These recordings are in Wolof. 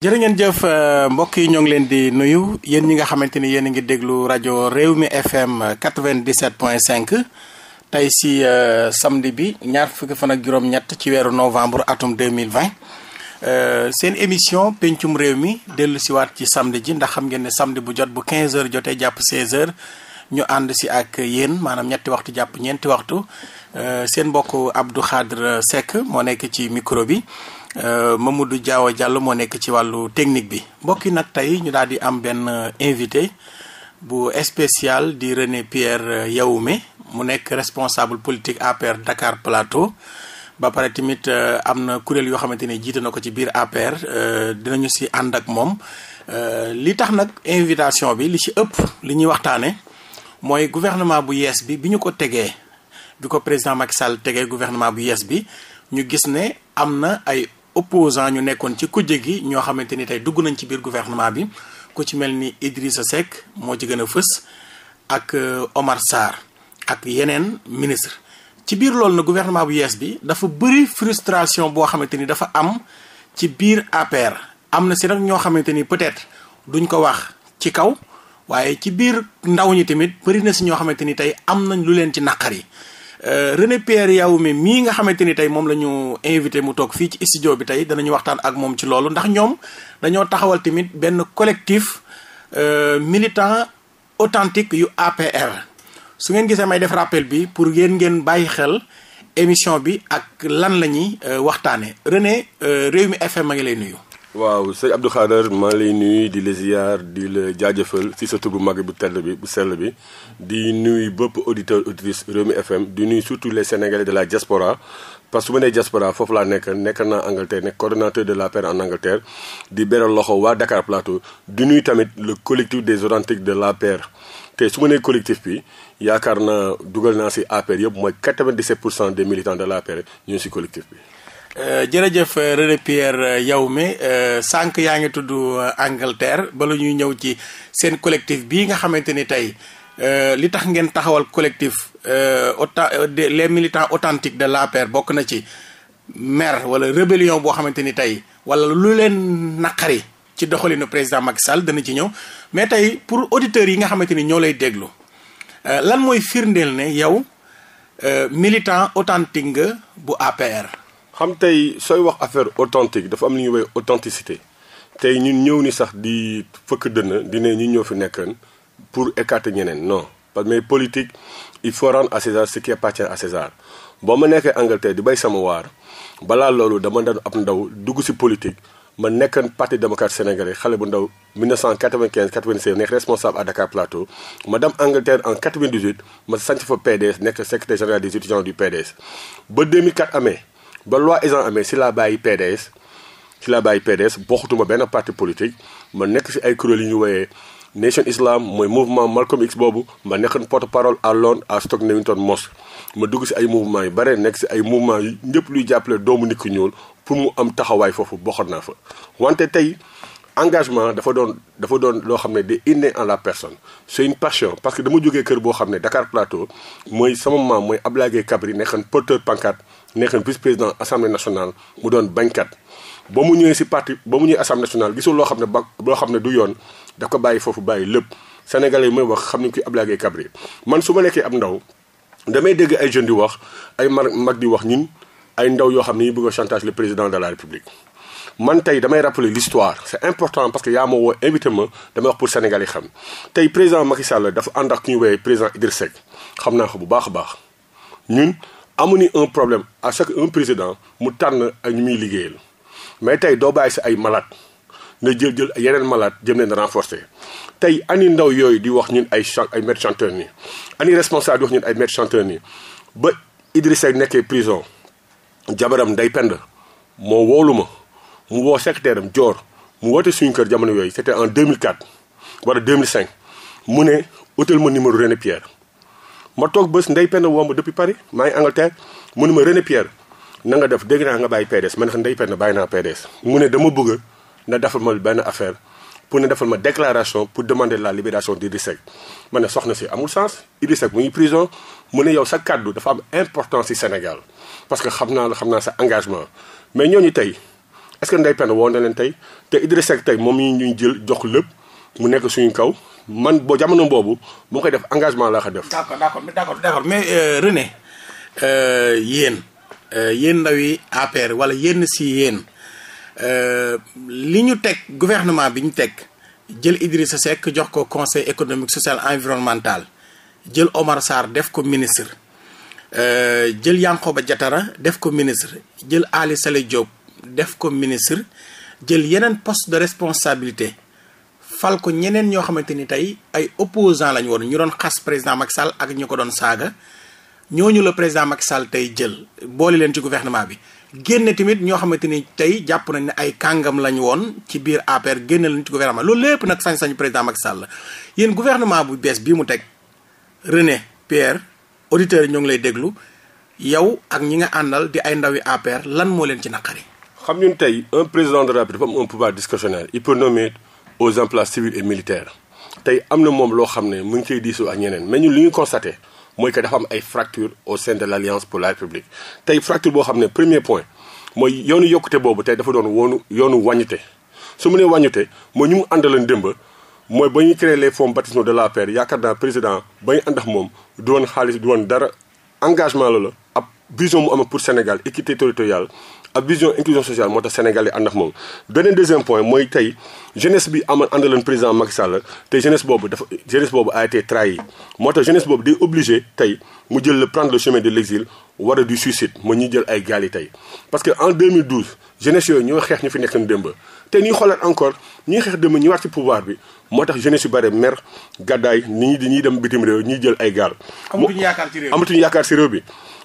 jërë ngeen jëf euh, mbokk yi ñoo ngi leen di nuyu yéen ñi nga xamante ni yéen a ngi déglu rajo réew mi FM 97.5 tey si euh, samedi bi ñaar fukki fan ak juróom-ñett ci weeru novembre atum 2020 euh, seen émission pencum réew mi dellu si waat ci samedi ji ndax xam ngeen ne samedi bu jot bu 15 heures jotee jàpp 16 heures ñu ànd si ak yéen maanaam ñetti waxtu jàpp ñeenti waxtu seen mbokk Abdou Khadre Seck moo nekk ci micro bi. Euh, Mamadou Diawa jàll moo nekk ci wàllu technique bi mbokk yi nag tey ñu daal di am benn euh, invité bu spécial di René Pierre euh, Yahoume mu nekk responsable politique APR Dakar Plateau ba pare tamit am na kuréel yoo xamante ne jiite na ko ci biir dina ñu si ànd ak moom li tax nag invitation bi li ci ëpp li ñuy waxtaane mooy gouvernement bu yees bi bi ñu ko tegee bi ko président Macky Sall tegee gouvernement bu yees bi ñu gis ne am na ay opposant ñu nekkoon ci kujje gi ñoo xamante ni tey dugg nañ ci biir gouvernement bi ku ci mel ni Idrissa Seck moo ci gën a fës ak euh, Omar Sarr ak yeneen ministre ci biir loolu na gouvernement bu yees bi dafa bëri frustration boo xamante ni dafa am ci biir APR am na si ñoo xamante ni peut-être duñ ko wax ci kaw waaye ci biir ndaw ñi tamit bëri na si ñoo xamante ni tey am nañ lu leen ci naqar yi Euh, René Pierre Yahoume mii nga xamante ni tey moom la ñu invité mu toog fii ci studio bi tey danañu waxtaan ak moom ci loolu ndax ñoom dañoo taxawal tamit benn collectif euh, militant authentique yu APR. su ngeen gisee may def rappel bi pour ngeen ngeen bàyyi xel émission bi ak lan la ñuy euh, waxtaanee René Rewmi FM a ngi lay nuyu. waaw sëñ Abdou Khader maa lay nuyu di la ziar di la jaajëfal si sa tur mag bu tell bi bu sell bi di nuyu bëpp auditeur auditrice Rewmi FM di nuyu surtout les sénégalais de la diaspora parce que su ma nee diaspora foofu laa nekk nekk naa Angleterre ne coordonnateur de l'APR en Angleterre di beral loxo waa Dakar Plateau di nuyu tamit le collectif des authentiques de l'APR te su ma nee collectif bi yaakaar naa dugal naa si APR yëpp mooy 97 pour cent de l'APR ñu Euh, jërëjëf euh, René Pierre euh, Yahoume sànq yaa ngi tudd Angleterre bala ñuy ñëw ci seen collectif bii nga xamante ni tey li tax ngeen taxawal collectif auta les militants authentiques de l'APR bokk na ci mer wala rébellion boo xamante ni tey wala lu leen naqari ci doxalinu président Macky Sall dana ci ñëw mais tey pour auditeurs yi nga xamante ni ñoo lay déglu lan mooy firndeel ne yow militant authentique nga bu APR. am tey sooy wax affaire authentique dafa am lu ñuy woowee authenticité tey ñun ñëw ni sax di fëkk dënn di ne ñu ñëw fi nekkan pour écarter ñeneen no parce que mais politique il faut rendre à César ce qui appartient à César boo ma nekkee Angleterre di bay sama waar balaa loolu dama daan ab ndaw dugg ci politique ma nekkan parti démocrate sénégalais xale bu ndaw 1995 96 nekk responsable à Dakar Plateau ma dem Angleterre en 98 ma sanc fa PDS nekk secrétaire général des étudiants amee. ba loi ISAN amee si laa bàyyi PDS si laa bàyyi PDS bokkutuma benn parti politique ma nekk si ay kuréel yu ñu woyee Nation Islam mooy mouvement Malcolm X boobu ma nekkoon porte-parole à Londres à Stoke Newington Mosque ma dugg si ay mouvement yu bare nekk si ay mouvement yu ñëpp luy jàppale doomu nit ku ñuul pour mu am taxawaay foofu bokkoon naa fa wante tey engagement dafa doon dafa doon loo xam ne di inné en la personne c'est une passion parce que dama jógee kër boo xam ne Dakar Plateau mooy sama maam mooy Abdoulaye Gueye Kabri nekkoon porteur pancarte nekkoon vice président assemblée nationale mu doon bañkat ba mu ñëwee si parti ba mu ñëwee assemblée nationale gisul loo xam ne ba boo xam ne du yoon daf ko bàyyi foofu bàyyi lépp sénégalais yi mooy wax xam nañu ko Abdoulaye Gueye Kabri man su ma nekkee ab ndaw damay dégg ay jeunes di wax ay mag mag di wax ñun ay ndaw yoo xam ne ñu bëgg a chantage président de la république man tey damay rappeler l'histoire c'est important parce que yaa ma woo invité ma damay wax pour Sénégal yi xam tey président Macky Sall dafa ànd ak ku ñu woowee président Idrissa Seck xam naa ko bu baax a baax ñun amuñu un problème à chaque un président mu tànn ak ñu muy liggéeyal mais tey doo bàyyi si ay malade nga jël jël yeneen malaat jëm leen renforcer tey ani ndaw yooyu di wax ñun ay ay maître chanteur nii ani responsable di wax ñun ay maître chanteur ba Idrissa Seck nekkee prison jabaram day pend moo ma mu woo secrétaire am Dior mu woote suñu kër jamono yooyu c'était en 2004 wala 2005 mu ne utal ma numéro René Pierre ma toog bés ndey Penda woo ma depuis Paris maa ngi Angleterre mu ne ma René Pierre na nga def dégg naa nga bàyyi PDS ma ne ko Ndeye Penda bàyyi naa PDS mu ne dama bëgg na defal ma benn affaire pour ne defal ma déclaration pour demander la libération d'Idrissa Seck ma ne soxna si amul sens Idrissa Seck mu ngi prison mu ne yow sa kàddu dafa am importance ci Sénégal parce que xam naa xam naa sa engagement mais ñooñu tey est-ce que Ndeye Penda woo na leen tey te Idrissa Seck tey moom yi ñuy jël jox lépp mu nekk suñu kaw man boo jamono boobu mu koy def engagement laa ko def. d'accord d'accord d'accord d'accord mais euh, René euh, yéen euh, yéen ndaw yi APR wala yéen si yéen euh, li ñu teg gouvernement bi ñu teg jël Idrissa Seck jox ko conseil économique social environnemental jël Omar Sarr def ko ministre jël Yankhoba Diattara def ko ministre jël Ali Saleh def ko ministre jël yeneen poste de responsabilité fal ko ñeneen ñoo xamante ni tey ay opposant lañu woon ñu doon xas président Macky Sall ak ñu ko doon saaga ñooñu la président Macky Sall tey jël boole leen ci gouvernement bi génne tamit ñoo xamante ni tey jàpp nañ ne ay kàngam lañu woon ci biir APR génne leen ci gouvernement loolu lépp nag sañ-sañ président Macky Sall yéen gouvernement bu bees bii mu teg René Pierre auditeurs yi ñoo ngi lay déglu yow ak ñi nga àndal di ay ndawi APR lan moo leen ci naqari. xam ñun tey un président de la République dafa am un pouvoir discrétionnaire il peut nommer aux emplois et militaires tey am na moom loo xam ne mu ngi koy diisoo ak ñeneen mais ñun li ñu constaté mooy que dafa am ay fractures au sein de l' alliance pour la République tey fracture boo xam ne premier point mooy yoonu yokkute boobu tey dafa doon woonu yoonu wàññute su mu nee wàññute mooy ñu mu àndaloon démb mooy ba ñuy créé les fomme baptismaux de l'APR yaakaar naa président ba ñu ànd ak moom du xaalis du woon dara engagement la la ab vision mu am pour Sénégal équité territoriale ak vision inclusion sociale moo tax Sénégal yi ànd ak moom beneen deuxième point mooy tey jeunesse bi amoon àndaloon président Macky Sall tey jeunesse boobu dafa jeunesse boobu a été trahi moo tax jeunesse boobu day obligé tey mu jël le prendre le chemin de l' exil war a du suicide moo ñuy jël ay gaal yi tey. parce que en 2012 jeunesse yooyu ñoo xeex ñu fi nekkoon démb te ñuy xoolaat encore ñuy xeex démb ñëwaat ci pouvoir bi moo tax jeunesse yu bare mer gàddaay nit ñi dañuy dem bitim réew ñuy jël ay gaal. amatuñu yaakaar ci réew mi amatuñu yaakaar ci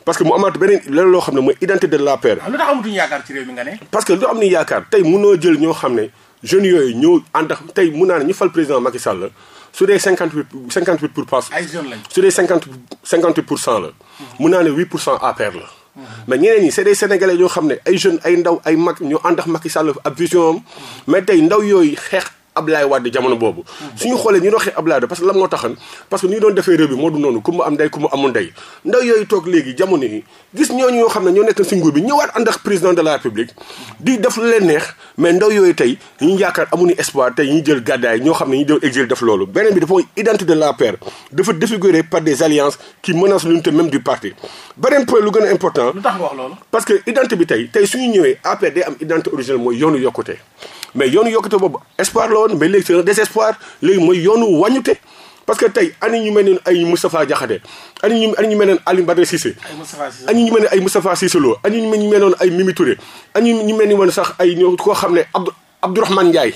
parce que mu amaat beneen leneen loo xam ne mooy identité de l'APR. waaw lu parce que lu am ni yaakaar tey munoo jël ñoo xam ne jeunes yooyu ñoo ànd tey mun naa ne ñu fal président Macky Sall la su dee cinquante huit cinquante huit pour passe. ay jeunes lañ su dee cinquante cinquante huit pour cent la. mun naa ne huit pour cent APR la. mais ñeneen ñi c'est des sénégalais yoo xam ne ay jeunes ay ndaw ay mag ñoo ànd ak Macky Sall ab vision am mais tey ndaw yooyu xeex. Ablaye Wade jamono boobu hmm. suñu xoolee ñu doxee Ablaye Wade parce que lan moo taxoon parce que ni ñu doon defee réew bi moo du noonu ku mu am ndey ku mu amul ndey ndaw yooyu toog léegi jamono yi gis ñooñu ñoo xam ne ñoo nekk si nguur bi ñëwaat ànd ak président de la république di def lu leen neex mais ndaw yooyu tey ñu yaakaar amuñu espoir tey ñu jël gàddaay ñoo xam ne ñu doon exil def loolu beneen bi dafa mooy identité de la paire dafa défiguré par des alliances qui menacent l'unité même que identité bi tey tey suñu ñëwee APR day am identité originelle mooy yoonu yokkute mais yoonu yokkute boobu espoir la woon mais léegi c'est un désespoir léegi mooy yoonu wàññute parce que tey ani ñu mel ne ay Moustapha Diakhaté ani ñu ani ñu mel ne Alioune Badara Cissé ani ñu mel ne ay Moustapha Cissé ay Mimi ani ñu mel ni woon sax ay ñoo koo xam ne Abdou Abdourahmane Ndiaye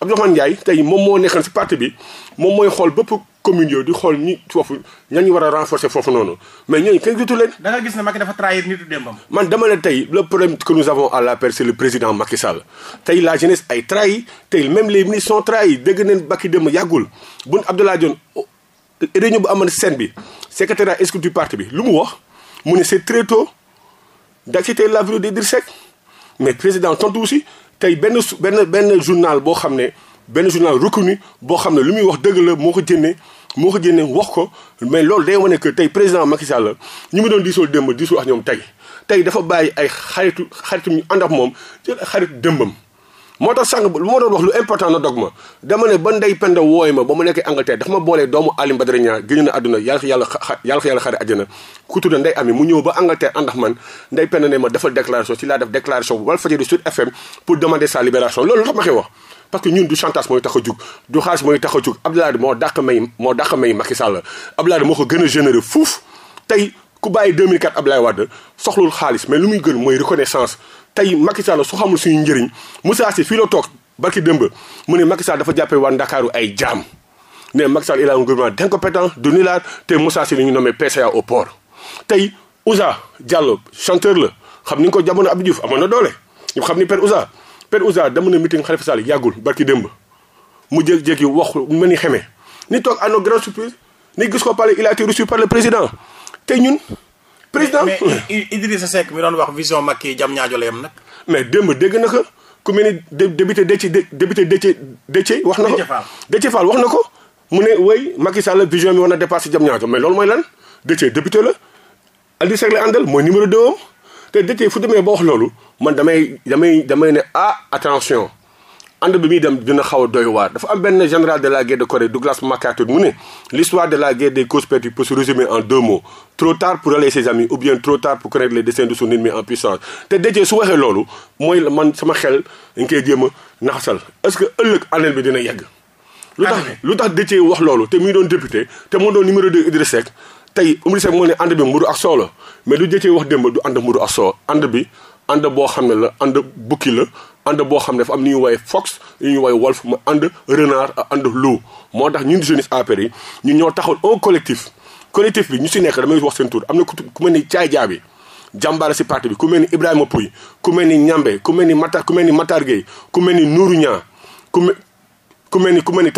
Abdourahmane Ndiaye tey moom moo nekkoon si parti bi moom mooy xool bëpp communes yooyu di xool ñi foofu ñañu war a renforcer foofu noonu mais ñooñu kenn gisu leen. da nga gis ne Macky dafa trahir nitu démbam. man dama ne tey le problème que nous avons à l'APR c'est le président Macky Sall tey la jeunesse ay trahi tey même les ministres sont trahis dégg nañu Macky démb yàggul bun Abdoulaye Dione oh, réunion bu amoon scène bi secrétaire exécutif parti bi lu mu wax mu ne c'est très tôt d'acquitter la vie d'Idrissa Seck mais président tontu aussi tey benn benn benn journal boo xam ne benn journal reconnu boo xam ne lu muy wax dëgg moo ko jëndee. moo ko génne wax ko mais loolu day wane que tey président Macky Sall ñu mu doon diisoo démb diisoo ak ñoom tey tey dafa bàyyi ay xaritu xaritu ñu ànd ak moom jël ay xaritu démbam. tax sànq lu ma doon wax lu important na dog ma dama ne ba ndey penda wooy ma ba mu nekkee Angleterre dafa ma boolee doomu Alioune Badara Niang génn na àdduna yàlla yàlla yàlla ko yàlla xare àjjana ku tudd ndey ami mu ñëw ba Angleterre ànd ak man ndey penda ne ma defal déclaration ci laa def déclaration bu Walf Fadjri Sud FM pour demander sa libération loolu tax parce que ñun du chantage mooy tax a jug du xaalis mooy tax a jug Abdoulaye moo dàq may moo dàq may Macky Sall Abdoulaye moo ko gën a généreux fuuf tey ku bàyyi 2004 Abdoulaye Wade soxlul xaalis mais lu muy gën mooy reconnaissance tey Macky Sall su xamul suñu njëriñ Moussa Sy fii la toog barki démb mu ne Macky Sall dafa jàppe waa Ndakaaru ay jaam ne Macky Sall il a un gouvernement d'incompétent de nulard te Moussa Sy li ñu nommé PCA au port tey Ousa Diallo chanteur la xam ni ko jamono Abdou Diouf amoon na doole ñu xam ni Père Ousa Père Ousa dama ne meeting Khalifa Sall yàggul barki démb mu jékki-jékki wax mel ni xeme ni toog à nos grandes surprises ni gis ko parler il a été reçu par le président te ñun. président mais Idrissa Seck mi doon wax vision Macky jam ñaajo la yam nag. mais démb dégg na ko ku mel ni député Déthié député Déthié wax na ko Déthié Fall wax na ko mu ne way Macky Sall vision mi war na dépassé jam ñaajo mais loolu mooy lan Déthié député la Idrissa Seck la àndal mooy numéro 2 am te Déthié fu demee ba wax loolu. man damay damay damay ne ah attention ànd bi muy dem dina xaw a doy waar dafa am benn général de la guerre de Corée Douglas MacArthur mu ne l'histoire de la guerre des causes perdues peut se résumer en deux mots trop tard pour aller ses amis ou bien trop tard pour connaître les destins de son ennemi en puissance te dëjee su waxee loolu mooy man sama xel dañ koy jéem a naxasal est-ce que ëllëg année bi dina yegg lu tax lu tax dëjee wax loolu te mu doon député te moo doon numéro 2 Idrissa Seck tey Idrissa Seck moo ne ànd bi mburu ak soow mais lu dëjee wax démb du ànd mburu ak soow ànd bi ànd boo xam ne la ànd bukki la ànd boo xam ne dafa am lu ñu woowee fox lu ñuy woowee wolf ma ànd renard ak ànd loup moo tax ñun jeunesse APR yi ñu ñoo taxawal un collectif collectif bi ñu si nekk damay wax seen tur am na ku mel ni caay jaabi jàmbaara si parti bi ku mel ni Ibrahima Pouy ku mel ni Ñambe ku mel ni Matar ku mel ni Matar Gueye ku mel ni Nourou Niang ku mel ku mel ni ku mel ni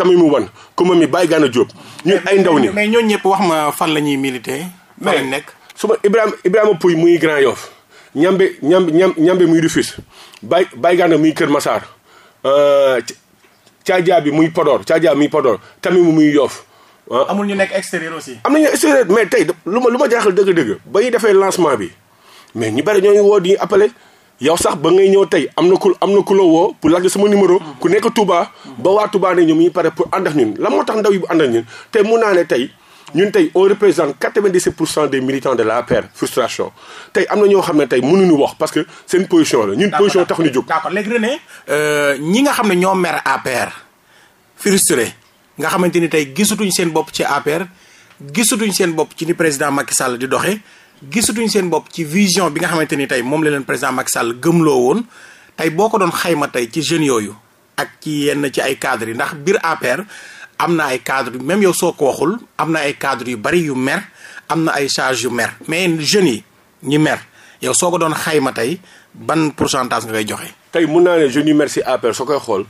ku mel ni Baye Gana Diop ñun ay ndaw ni mais ñooñu ñëpp wax ma fan la ñuy milité. fan nekk su ma Ibrahima muy Grand ñambe ñambe ñambe muy Rufisque bay bayganda muy Kër Massar caajaa euh, bi muy Podor caajaa muy Podor tamit mu muy yoof ah. amul ñu nekk extérieur aussi. am nañu extérieur mais tey lu ma lu ma jaaxal dëgg-dëgg ba ñu defee lancement bi mais ñu bari ñooñu woo di appelé yow sax ba ngay ñëw tey am na ku am na ku la woo pour laaj sama numéro. ku nekk tubaa ba waa Touba ne ñoom ñu pare pour ànd ak ñun la moo tax ndaw yi bu ànd ak ñun tey mun naa ne te ñun tey on représente quatre-vingt-dix-sept pour cent des militants de l'APR frustration tey am na ñoo xam ne tey mënuñu wax parce que seen position la ñun position tax ñu jóg. d'accord léegi René euh, ñi nga xam ne ñoo mer APR frustré nga xamante ni tey gisatuñ seen bopp ci APR gisatuñ seen bopp ci ni président Macky Sall di doxee gisatuñ seen bopp ci vision bi nga xamante ni tey moom la leen président Macky Sall gëmloo woon tey boo ko doon xayma tey ci jeunes yooyu ak ci yenn ci ay cadres yi ndax biir APR. am na ay cadres même yow soo ko waxul am na ay cadre yu bari yu mer am na ay change yu mer mais jeunes yi ñi mer yow soo ko doon xayma tey ban pour pourcentage nga koy joxe. tey mun naa ne jeunes yu mer si soo koy xool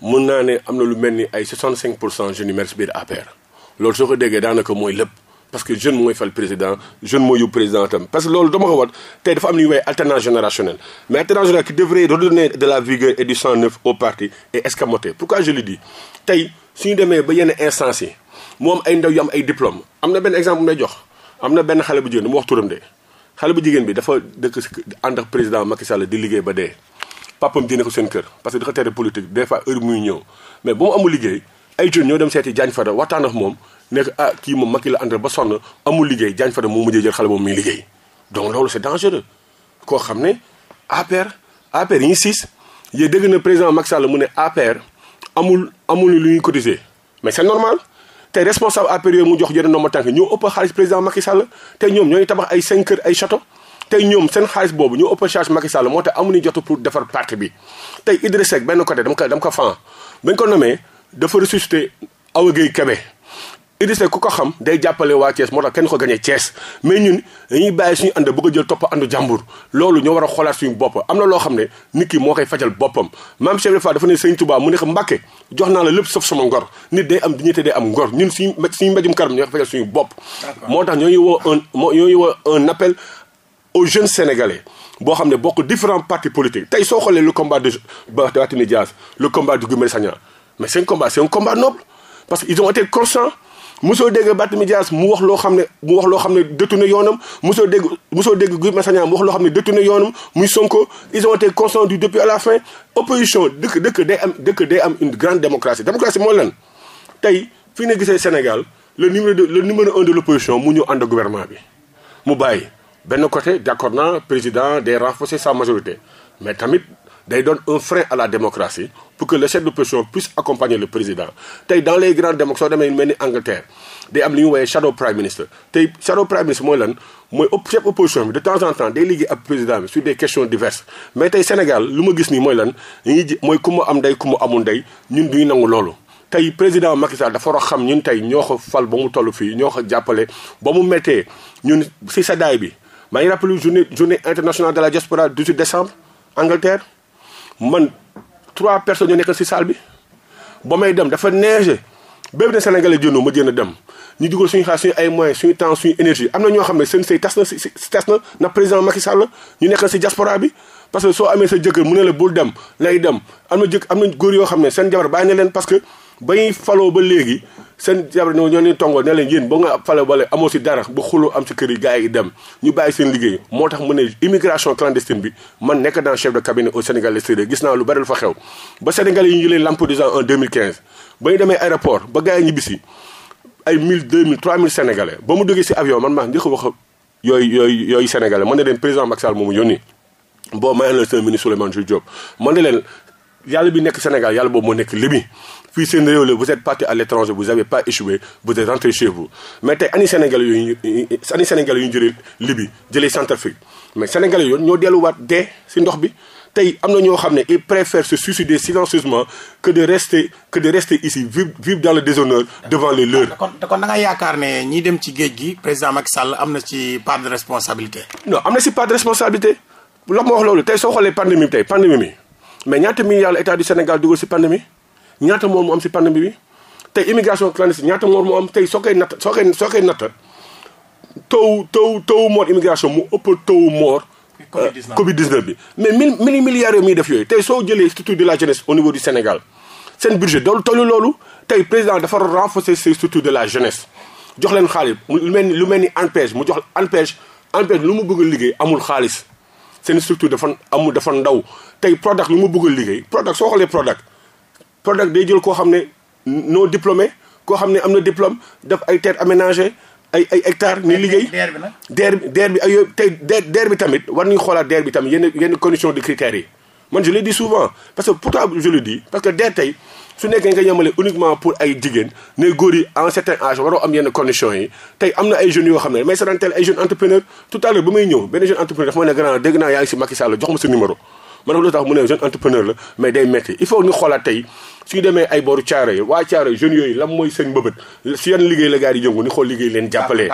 mun naa ne am na lu mel ni ay 65 pour cent jeunes yu mer loolu soo ko déggee daanaka mooy lépp. parce que jeune mooy fal président jeune mooy yóbbu président tam parce que loolu dama ko wat tey dafa am lu ñuy woowee alternance générationnelle mais alternance qui devrait redonner de la vigueur et du sang neuf au parti et escamoter pourquoi je le dis tey suñu demee ba yenn instance yi mu ay ndaw yu am ay diplôme am na benn exemple may jox am na benn xale bu jigéen du ma wax turam de xale bu jigéen bi dafa dëkk ànd ak président Macky Sall di liggéey ba dee papam dina ko kër parce que dafa tere muy ñëw mais bu mu liggéey ay jeunes ñoo dem seeti Diagne Fada waxtaan ak moom nekk ah kii moom Macky la àndal ba sonn amul liggéey Diagne Fada moo mujjee jël xale boobu muy liggéey donc loolu c'est dangereux koo xam ne APR APR yi ñu siis yéen dégg na président Macky Sall mu ne APR amul amul lu ñuy cotiser mais c'est normal te responsable APR yooyu mu jox yenn ndomba tànk ñoo ëpp xaalis président Macky Sall te ñoom ñooy tabax ay cinq kër ay château tey ñoom seen xaalis boobu ñu ëpp charge Macky Sall moo tax amuñu jot pour defar parti bi tey Idrissa Seck benn côté dama ko dama ko fan bañ ko nomee dafa ressuscité Awa Gueye Kébé Idrissa ku ko xam day jàppale waa Thiès moo tax kenn ko gañee Thiès mais ñun dañuy bàyyi suñu ànd bëgg a jël topp àndu jàmbur loolu ñoo war a xoolaat suñu bopp am na loo xam ne nit ki moo koy fajal boppam maam Cheikh Fall dafa ne sëñ Touba mu ne ko Mbàkke jox naa la lépp sauf sama ngor nit day am dignité day am ngor ñun suñu suñu mbéjum karam ñoo koy fajal suñu bopp moo tax ñoo ngi woo un ñoo ngi woo un appel aux jeunes sénégalais boo xam ne bokk différents partis politiques tey soo xoolee le combat de Barthélémy Dias le combat de Guy Marius Sagna mais c'est parce que ils ont été constants mosoo dégg Barthélémy Dias mu wax loo xam ne mu wax loo xam ne détourné yoonam mosoo dégg mosoo dégg Guy Marius Sagna mu wax loo xam ne détourné yoonam muy Sonko ils ont été constants du depuis à la fin opposition dëkk dëkk day am dëkk day am une grande démocratie démocratie mooy lan tey fii nga gisee Sénégal le numéro de le numéro un de l' opposition mu ñu ànd gouvernement bi mu bàyyi benn côté d' accord naa président day renforcer sa majorité mais tamit day doon un frein à la démocratie pour que le chef de l'opposition puisse accompagner le président tey dans les grandes démocraties soo demee mel ni Angleterre day am li ñu woowee shadow prime minister tey shadow prime minister mooy lan mooy chef opposition bi de temps en day liggéey ak président bi sur des questions diverses mais tey Sénégal lu ma gis nii mooy lan ñu ngi mooy ku ma am ndey ku ma amul ndey ñun duñu nangu loolu tey président Macky Sall dafa war a xam ñun tey ñoo ko fal ba mu toll fii ñoo ko jàppale ba mu méttee ñun si seddaay bi maa ngi rappelé journée journée internationale de la diaspora man trois personnes ñu nekk si salle bi ba may dem dafa neige bépp na Sénégalais génnoo ma génn dem ñu dugal suñu xaar suñu ay moyens suñu temps suñu énergie am na ñoo xam ne seen sëy tas na si tas na na président Macky Sall ñu nekk si diaspora bi parce que soo amee sa jëkkër mu ne la bul dem lay dem am na jëkk am na góor yoo xam ne seen jabar bàyyi ne leen parce que ba ñuy faloo ba léegi seen jabar ñoo ñoo tongoo ne leen yéen ba nga fale bale amoo am si kër yi gars yi dem ñu bàyyi seen liggéey moo tax mu ne immigration clandestine man nekk dans chef de cabinet au Sénégal extérieur gis naa lu bari lu fa xew ba Sénégalais yi ñu leen Lampedusa en 2015 ba ñu duggee si avion man yooyu yooyu yooyu Sénégalais man ne leen président Macky Sall moomu yónni boo maye la seen ministre Souleymane Jules Diop man ne leen yàlla bi nekk Sénégal yàlla boobu moo nekk lébi fii seen réew la vous êtes parti à l'étranger vous avez pas échoué vous êtes rentré chez vous mais tey ani Sénégal yooyu ani Sénégal yu ñu jëlee libi jëlee Centrafrique mais Sénégal yooyu ñoo delluwaat dee si ndox bi tey am na ñoo xam ne ils préfèrent se suicider silencieusement que de rester que de rester ici vivre dans le déshonneur devant les leurs. kon kon da yaakaar ne ñi dem ci géej gi président Macky Sall am na ci part de responsabilité. am na si part de responsabilité lox soo xoolee pandémie bi tey pandémie mais ñaata milliards la état du Sénégal dugal si pandémie ñaata moor mu am si pandémie bi tey immigration clandestine ñaata moor mu am tey soo koy natt soo koy soo koy natt taw taw tawu moor immigration mu ëpp tawu moor. Euh, Covid 19 bi mais mille mille milliards yooyu muy def yooyu tey soo jëlee structure de la jeunesse au niveau du Sénégal seen budget doolu tollu loolu tey président dafa renforcer ses structures de la jeunesse jox leen xaalis lu mel ni lu mel ni ANPEJ mu jox ANPEJ ANPEJ lu mu bëgg liggéey amul xaalis. seen structure dafa amul dafa ndaw tey Prodac lu mu bëgg liggéey Prodac soo xoolee Prodac Prodac day jël koo xam ne non diplômé koo xam ne am na diplôme def ay terre aménagée ay ay hectares ni liggéey DER bi nag DER DER bi ay bi tamit war nañu xoolaat DER bi tamit yenn yenn conditions de critères yi man je le dis souvent parce que pourquoi je le dis parce que DER tey su nekkee nga yemale uniquement pour ay jigéen ne góor en certain âge waroo am yenn conditions yi tey am na ay jeunes yoo xam ne mais saranteel ay jeunes entrepreneur tout à l'heure ba may ñëw benn jeune entrepreneur dafa ma ne grand dégg naa yaa ngi la mais day métti il faut ñu xoolaat tey suñu demee ay booru caaro yi waa caaro yi jeunes yooyu lan mooy seen mbëbët si yan liggéey la gars yi yëngu ni xool liggéey leen jàppalee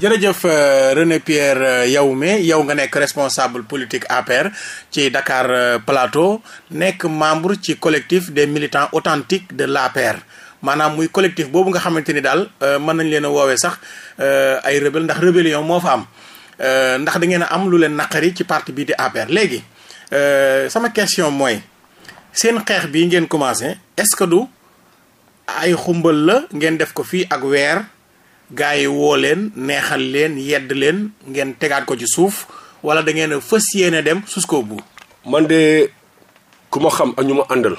jërëjëf euh, René Pierre euh, Yahoume yow nga nekk responsable politique APR ci Dakar euh, Plateau nekk membre ci collectif des militants authentiques de l'APR maanaam muy collectif boobu nga xamante ni daal mën nañ leen a woowee sax ay rebelle ndax rébellion moo fa am ndax da ngeen a am lu leen naqari ci parti bii di APR léegi sama question mooy seen xeex bi ngeen commencé est-ce que du ay xumbal la ngeen def ko fii ak weer gars yi woo leen neexal leen yedd leen ngeen tegaat ko ci suuf wala da ngeen a fas yéene dem jusqu'au bout. man de ku ma xam ak ñu ma àndal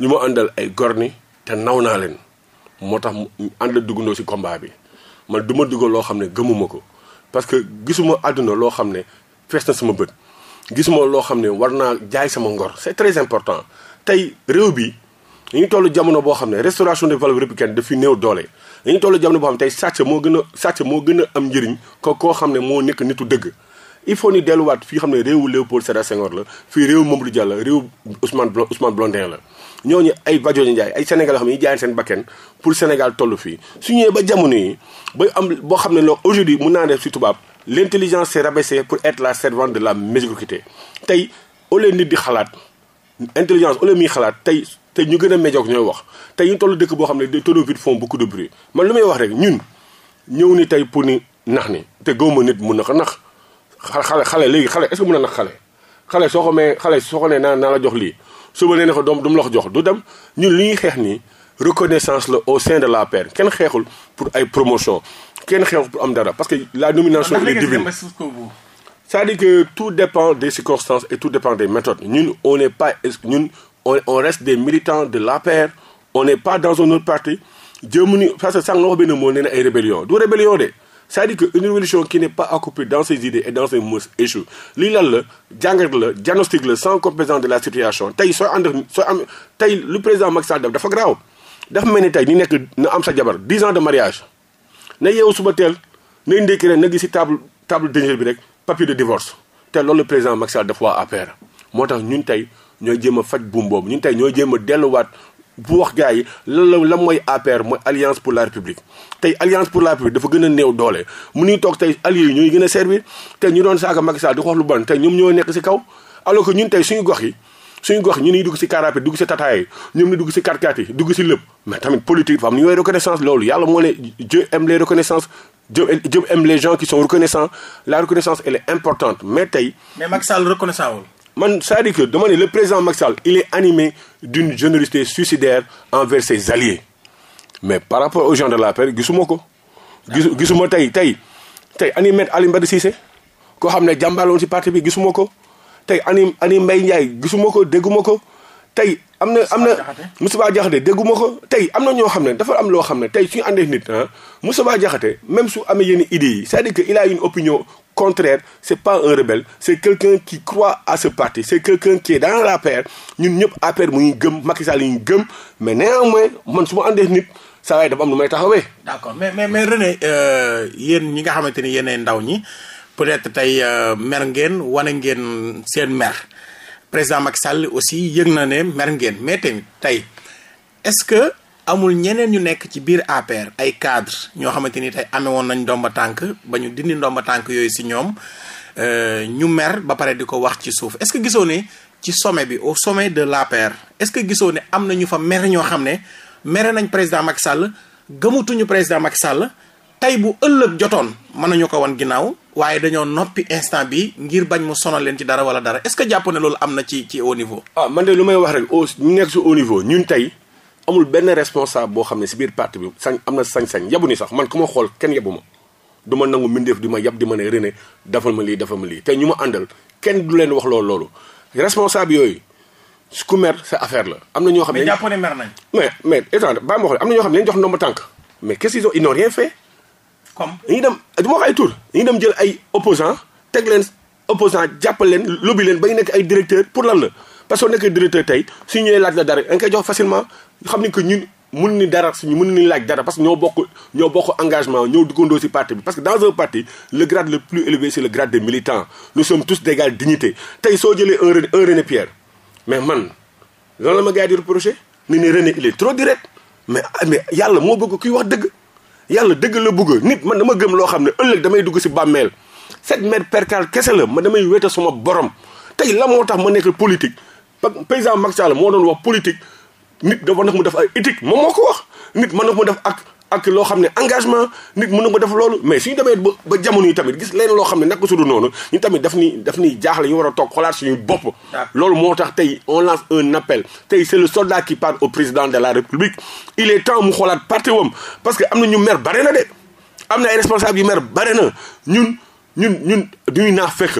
ñu ma àndal ay gor ni te naw naa leen moo tax mu ànd duggandoo si combat bi man du ma dugal loo xam ne gëmuma ko parce que gisuma àdduna loo xam ne fees na sama bët gisuma loo xam ne war naa jaay sama ngor c'est très important tey réew bi. dañu toll jamono boo xam ne restauration des valeurs républicaines dafi néew doole dañu toll jamono boo xam ne tey sàcc moo gën a sàcc moo gën a am njëriñ ko koo xam ne moo nekk nitu dëgg il faut ni delluwaat fii xam ne réewu Léopold Sédar Senghor la fii réewu Mamadou Diallo la réewu Ousmane Ousmane Blondin la ñooñu ay Vadione Ndiaye ay Sénégal yoo xam ne ñu jaayeen seen bakken pour Sénégal toll fii su ñëwee ba jamono yi ba am boo xam ne loolu aujourd'hui mun naa def si tubaab l'intelligence s'est rabaissée pour être la servante de la médiocrité tey au lieu nit di xalaat intelligence au lieu xalaat tey te ñu gën a méjoog ñooy wax te ñu toll dëkk boo xam ne des tonovides font beaucoup de bruit man lu may wax rek ñun ñëw ni tey pour ni nax ni te gawma nit mun na ko nax xale xale léegi xale est-ce na nax xale xale soo ko mee xale soo ko nee naa naa jox lii suba nee na ko doom du mu la ko jox du dem ñun li ñuy xeex nii reconnaissance la au sein de l'APR kenn xeexul pour ay promotion kenn xeexul pour am dara parce que la nomination est divine c'est-à-dire que tout dépend des circonstances on, on reste des militants de l'APR on n'est pas dans un autre parti jëmuñu parce que sànq nga wax benn moo nee na ay rébellion du rébellion de c'est-à-dire que une révolution qui n'est pas accouplée dans ses idées et dans ses mœurs échoue lii lan la jàngat la diagnostic la sans complaisance de la situation tey soo ànd soo am tey lu président Macky dafa graaw dafa mel ni tey ni nekk na am sa jabar 10 ans de mariage na yeewu suba teel na ndékki ren na gis si table table d'ingénieur bi rek papier de divorce loolu président Macky Sall def waa moo tax ñun tey ñooy jéem a faj buum boobu ñun tey ñooy jéem a delluwaat bu wax gars yi lan la lan mooy APR mooy alliance pour la république tey alliance pour la république dafa gën a néew doole mu ñuy toog tey alliés yi ñooy gën a servir tey ñu doon saaga Macky Sall di wax lu bon tey ñoom ñoo nekk ci kaw alors que ñun tey suñu gox yi suñu gox ñu niy dugg ci car rapide dugg ci tataay yi ñoom ni dugg ci karkat yi dugg ci lépp mais tamit politique dafa am ni ñooy reconnaissance loolu yàlla moo ne Dieu aime les reconnaissances Dieu Dieu aime les gens mais tey mais Macky Sall reconnaissant wul man c'est-à-dire que dama le président Macky Sall il est animé d'une générosité suicidaire envers ses alliés mais par rapport aux gens de la paix gisuma ko. gis gisuma tey tey tey ani Me Aliou Mbada Cissé koo xam ne jàmbaaloon si parti bi gisuma ko tey ani ani Mbaye Ndiaye gisuma ko dégguma ko tey am na am na Moustapha Diakhaté dégguma ko tey am na ñoo xam ne dafa am loo xam ne tey suñu àndee nit ah Moustapha Diakhaté même su amee yenn idées yi c'est-à-dire que il a une opinion contraire c'est pas un rebelle c'est quelqu'un qui croit à ce parti c'est quelqu'un qui est dans la paire ñun ñëpp APR mu ñu gëm Macky ñu gëm mais néanmoins man su ma àndee nit saa waay dafa am lu may taxawee. d'accord mais mais mais René euh, yéen ñi nga xamante ni yéenay ndaw ñi peut-être tey euh, mer ngeen wane ngeen seen mer. président Macky Sall aussi yëg na ne mer ngeen mais tamit tey est-ce que amul ñeneen ñu nekk ci biir APR ay cadre ñoo xamante ni tey amee woon nañ ndomba tànk ba ñu dindi ndomba tànk yooyu si ñoom euh, ñu mer ba pare di ko wax ci suuf est-ce que gisoo ni ci sommet bi au sommet de l'APR est-ce que gisoo ne am na ñu fa mer ñoo xam ne mere nañ président Macky Sall gëmatuñu président Macky Sall tey bu ëllëg jotoon mën nañu ko wan ginnaaw waaye dañoo noppi instant bi ngir bañ mu sonal leen ci dara wala dara est-ce que jàpp loolu am na ci ci haut niveau. ah man de lu may wax rek au ñu nekk si haut niveau ñun tey amul benn responsable boo xam ne si biir parti bi sañ am na sañ-sañ yabu ni sax man ku ma xool kenn yabu ma du ma nangu mbindeef di ma yab di ma ne René defal ma lii defal ma lii te ñu ma àndal kenn du leen wax loolu loolu responsable yooyu. su ku mer sa affaire la am na ñoo xam ne. mais mais mais état baa ma am ne dañ jox ndomba tànk mais qu'est-ce qu'ils comme dem du ma wax ay tur dañuy dem jël ay opposant teg leen opposant jàppal leen lobby leen ba ñu nekk ay directeur pour lan la parce que soo nekkee directeur tey su ñëwee laaj la dara da nga koy jox facilement xam ni que ñun mun ni dara suñu mun ni laaj dara parce que ñoo bokk ñoo bokk engagement ñoo duggandoo ci parti bi parce que dans un parti le grade le plus élevé c'est le grade des militants nous sommes tous d'égale dignité tey soo jëlee un René un René Pierre mais man ma gars yi di reproché ni ne René il est yàlla moo bëgg kuy wax dëgg yàlla dëgg la bugg nit man dama gëm loo xam ne ëllëg damay dugg si bàmmeel sept mètres percale kese la man damay wéete suma borom tey la moo tax ma nekk politique président Macky Sall moo doon wax politique nit da war na mu def ay éthique moom moo ko wax nit mën na mu def ak ak loo xam ne engagement nit mën na ko def loolu mais suñu demee ba ba jamono yi tamit gis leen loo xam ne naka sudu noonu ñu tamit daf ni daf ni jaaxle ñu war a toog xolaat suñu bopp loolu moo tax tey on lance un appel tey c'est le soldat qui parle au président de la république il est temps mu xoolaat parti wam parce que am na ñu mer bare na de am na ay responsable yu mer bare na ñun ñun ñun duñu naa fekk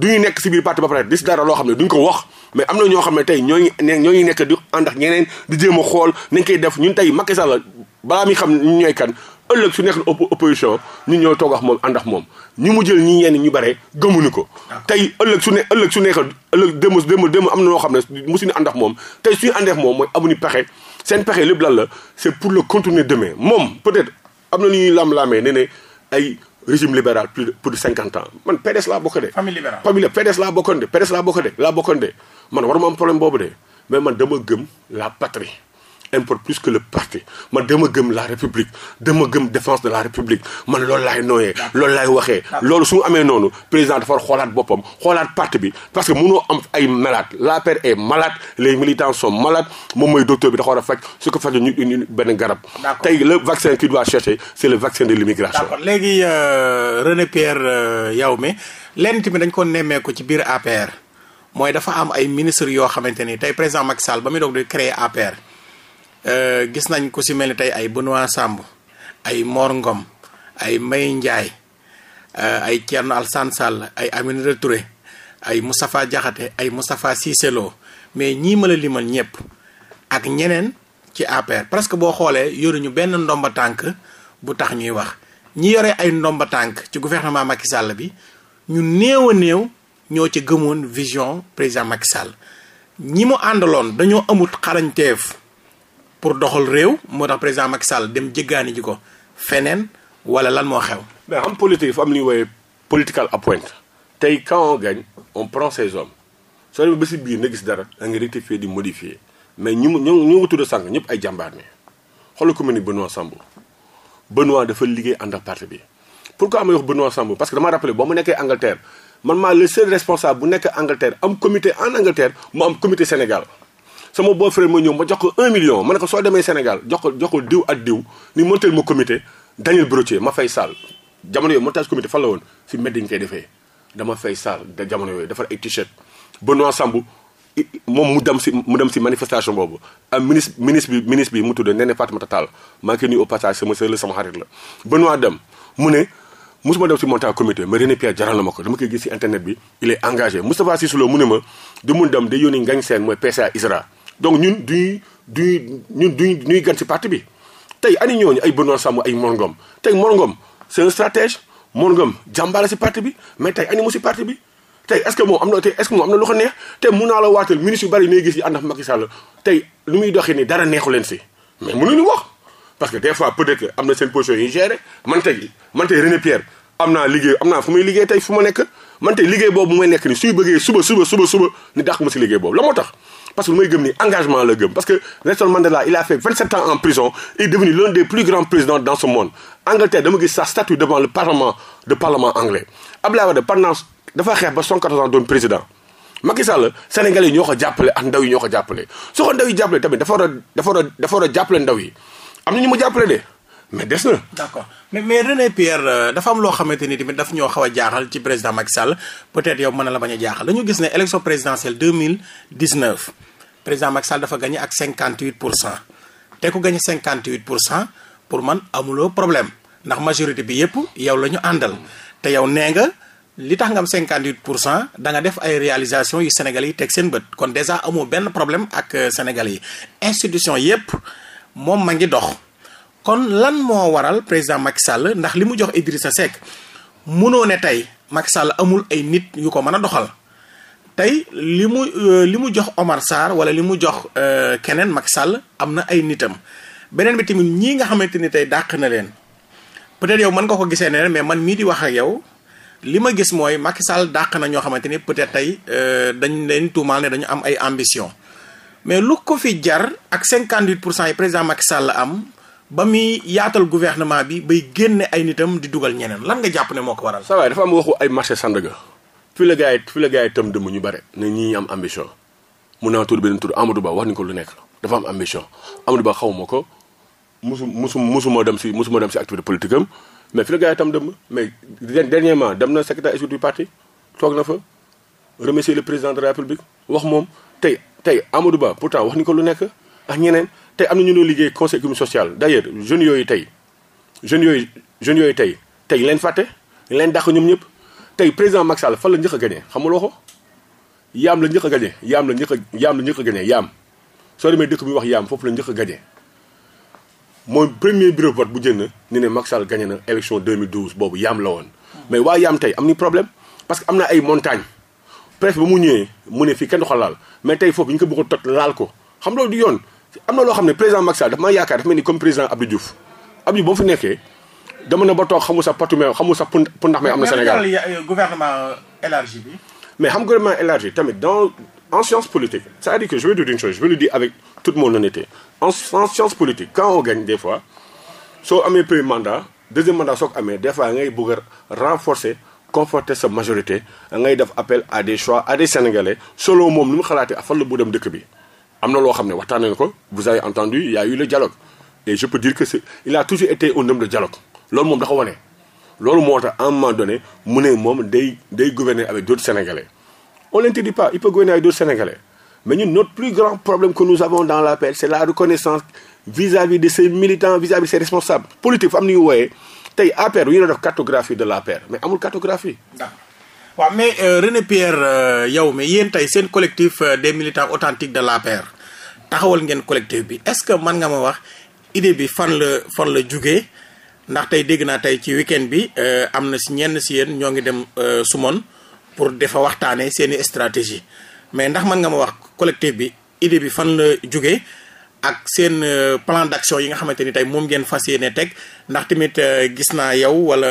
ñu nekk si biir parti ba pare dis dara loo xam ne duñ ko wax mais am na ñoo xam ne tey ñoo ngi ñoo ngi nekk di ànd ak ñeneen di jéem a xool nañ koy def ñun tey Macky Sall balaa mi xam ñu ñooy kan ëllëg su nekk opposition ñu ñoo toog ak moom ànd ak moom ñu mu jël ñi yenn ñu bare gëmuñu ko. tey ëllëg su ne ëllëg su neex nekk ëllëg démb démb démb am na loo xam ne mosuñu ànd ak moom tey suñu ànd ak moom mooy amuñu pexe seen pexe lépp lan la c'est pour le contourner demain moom peut-être am na lu ñuy lam-lamee ne ne ay. régime libéral plus de plus de cinquante ans man PDS laa bokk de. famille libérale famille PDS laa bokkoon de PDS laa bokk de laa bokkoon de man waruma am problème de mais man dama gëm importe plus que le parti man dama gëm la république dama gëm défense de la république ma loolu laay nooyee loolu laay waxee loolu su amee noonu président dafa xoolaat boppam xoolaat parti bi parce que mënoo am ay malade l'APR est malade les militants sont malades moom mooy docteur bi dafa war a faj su ko fajee ñu ñu benn garab tey le vaccin qu'il doit chercher c'est le vaccin de l'immigration léegi euh, René Pierre euh, mi lenn tamit dañ ko nemmeeku ci biir APR mooy dafa am ay ministres yoo xamante ni tey président Macky ba muy doog di créer Euh, gis nañ ko si mel ni tey ay Benoît Samb ay Mor Ngom ay May Ndiaye euh, ay Thierno Alassane Sall ay Aminata Touré ay Moustapha Diakhaté ay Moustapha Cissé mais ñii ma la limal ñëpp ak ñeneen ci APR presque boo xoolee yoruñu benn ndomba tànk bu tax ñuy wax ñi yore ay ndomba tànk ci gouvernement Macky Sall bi ñu néew néew ñoo ci gëmoon vision président Macky ñi mu àndaloon dañoo amut xarañteef pour doxal réew moo tax président Macky Sall dem jéggaani ji ko feneen wala lan moo xew. mais am politique fa am lu ñuy woowee political appoint tey quand on gagne on prend ses hommes soo demee ba si biir nga gis dara da nga rectifier di modifier mais ñu ñu ñu nga tudd sànq ñëpp ay jàmbaar ne xoolal commune ni Benoît Sambou Benoît dafa liggéey ànd ak parti bi. pourquoi may wax Benoît Sambou parce que dama rappelé ba mu nekkee Angleterre man maa le seul responsable nekk Angleterre am comité en Angleterre mu am Sénégal. sama boo frère ma ñëw ma jox ko un million ma ne ko soo demee Sénégal jox ko jox ko diw ak diw ni montel ma comité Daniel Brotier ma fay saal jamono yooyu montage comité fan la woon si mbedd ñu koy defee dama fay Sall da jamono yooyu defar ay t-shirt Benoît Sambou moom mu dem si mu dem si manifestation boobu am ministre ministre bi ministre bi mu tudd Néné Fatoumata Tall maa ngi koy nuyu au passage sama sœur la sama xarit la Benoît dem mu ne musuma dem si montage comité mais René Pierre jaral na ma ko dama koy gis si internet bi il est engagé Lo mu ne ma du mun dem day yónni Ngagne Sène donc ñun duñuy duñuy ñun duñu nuy gan ci parti bi tey ani ñooñu ay Benoît Sambou ay Mor Ngom tey Mor Ngom c'est un stratège Mor Ngom jàmbaale ci parti bi mais tey ani mu ci parti bi tey est-ce moom am na tey est-ce que moom na lu ko neex tey mun naa la waatal ministre yu bari yi ngay gis yi ànd ak muy doxee nii dara neexu leen ci mais mënuñu wax parce que des fois peut-être na seen position yi géré man tey man naa liggéey am naa fu muy liggéey tey fu ma nekk man tey liggéey boobu may nekk ni suy bëggee suba suba suba suba ni dàq ma ci liggéey boobu la moo tax parce que lu may gëm ni engagement la gëm parce que Nelson Mandela il a fait 27 ans en prison il est des plus grands présidents dans ce monde Angleterre dama gis sa statue devant le parlement de parlement anglais Abdoulaye Wade pendant dafa xeex ba doon président Macky Sall yi ñoo ko jàppale ak ndaw yi ñoo ko jàppale su ko ndaw yi jàppale tamit dafa war a dafa war a dafa war a jàppale ndaw yi am ñu mu jàppale de mais des na. d'accord mais mais René Pierre euh, dafa ni tamit a jaaxal ci président Macky Sall peut-être yow mën na la bañ a jaaxal dañu gis ne élection présidentielle 2019 président Macky Sall dafa gagné ak 58 pour cent te ku gagné 58 pour cent pour man amuloo problème ndax majorité bi yëpp yow la ñu àndal te yow nee nga li tax nga am 58 pour cent danga def ay réalisation yu Sénégal yi teg seen bët kon déjà amoo benn problème ak euh, Sénégal yi institution yëpp moom ma ngi dox kon lan moo waral président Macky ndax li mu jox Idrissa Seck mënoo ne tey Macky amul ay nit yu ko mën a doxal tey li mu euh, li mu jox Omar Sarr wala li mu jox euh, keneen Macky Sall am na ay nitam beneen bi tamit ñii nga xamante ni tey dàq na leen peut-être yow mën nga ko gisee ne mais man mii di wax ak yow li ma gis mooy Macky Sall dàq na ñoo xamante ni peut-être tey euh, dañ leen tuumaal dañu am ay ambition mais lu ko fi jar ak 58 pour cent yi président Macky Sall la am ba muy yaatal gouvernement bi bay génne ay nitam di dugal ñeneen lan nga jàpp ne moo ko waral. saa waay dafa am waxu ay marché Sandaga. fi la gars yi fi la gars yi tam dëmb ñu bare ne ñii am ambition mun naa tur benn tur Amadou Ba wax ni ko lu nekk dafa am ambition Amadou Ba xaw ma ko musu musu musuma dem si musuma dem si activité politique am mais fi la gars yi tam dëmb mais dernièrement dem na secrétaire exécutif du parti toog na fa remercier le président de la république wax moom tey tey Amadou Ba pourtant wax ni ko lu nekk ak ñeneen tey am na ñu doon liggéey conseil économique social d'ailleurs jeunes yooyu tey jeunes yooyu jeunes yooyu tey tey leen fàtte leen dàq ñoom ñëpp tey président Macky Sall fan la njëkk a gagné xamuloo ko yaam la njëkk a gagné yaam la njëkk a yaam la njëkk a gagné yaam soo demee dëkk bi wax yaam foofu la njëkk a gagné mooy premier bureau vote bu jënd ni ne Macky Sall gagné na élection 2012 boobu yaam la woon. mais waa yaam tey am ni problème parce que am na ay montagne préfet ba mu ñëwee mu ne fii kenn du ko laal mais tey foofu ñu ko bëgg a toj laal ko xam loolu du yoon am na loo xam ne président Macky Sall daf maa yaakaar dafa mel ni comme président Abdou Diouf Abdou ba mu dama ba toog xamu sa patu meew xamul sax pour pour ndax meew am na Sénégal gouvernement élargi bi. mais xam gouvernement élargi tamit dans en science politique c'est-à-dire que je vais dire une chose je vais le dire avec toute mon en science politique quand on gagne des fois soo amee premier mandat deuxième mandat soo amee des fois ngay bëgg a renforcer conforter sa majorité ngay def appel à des choix à des sénégalais selon moom ni mu xalaatee afal la bu dem dëkk bi. am na loo xam ne waxtaan nañu ko vous a eu le dialogue et je peux dire que c'est il a toujours loolu moom dafa wane loolu moo tax à un moment donné mu ne moom day day gouverner avec d'autres sénégalais on l'interdit pas il pa gouverner avec d'autres sénégalais mais ñun notre plus grand problème que nous avons dans la paix c'est la reconnaissance vis-à-vis de ses militants vis-à-vis de ses responsables politiques fa am nu ñu wooyee tey APR yu ñu def cartographie de l'APR mais amul cartographie. waaw mais euh, René Pierre euh, yow mais yéen tey seen collectif euh, des militants authentiques de l'APR taxawal ngeen collectif bi est-ce que mën nga ma wax idée bi fan la fan la jugee ndax tey dégg naa tey ci weekend bi euh, am na si ñenn si yéen ñoo ngi dem euh, Sumone pour dafa waxtaanee seen i stratégie mais ndax mën nga ma wax collectif bi idée bi fan la jógee ak seen euh, plan d'action yi nga xamante ni tey moom ngeen fas yéene teg ndax tamit gis naa yow wala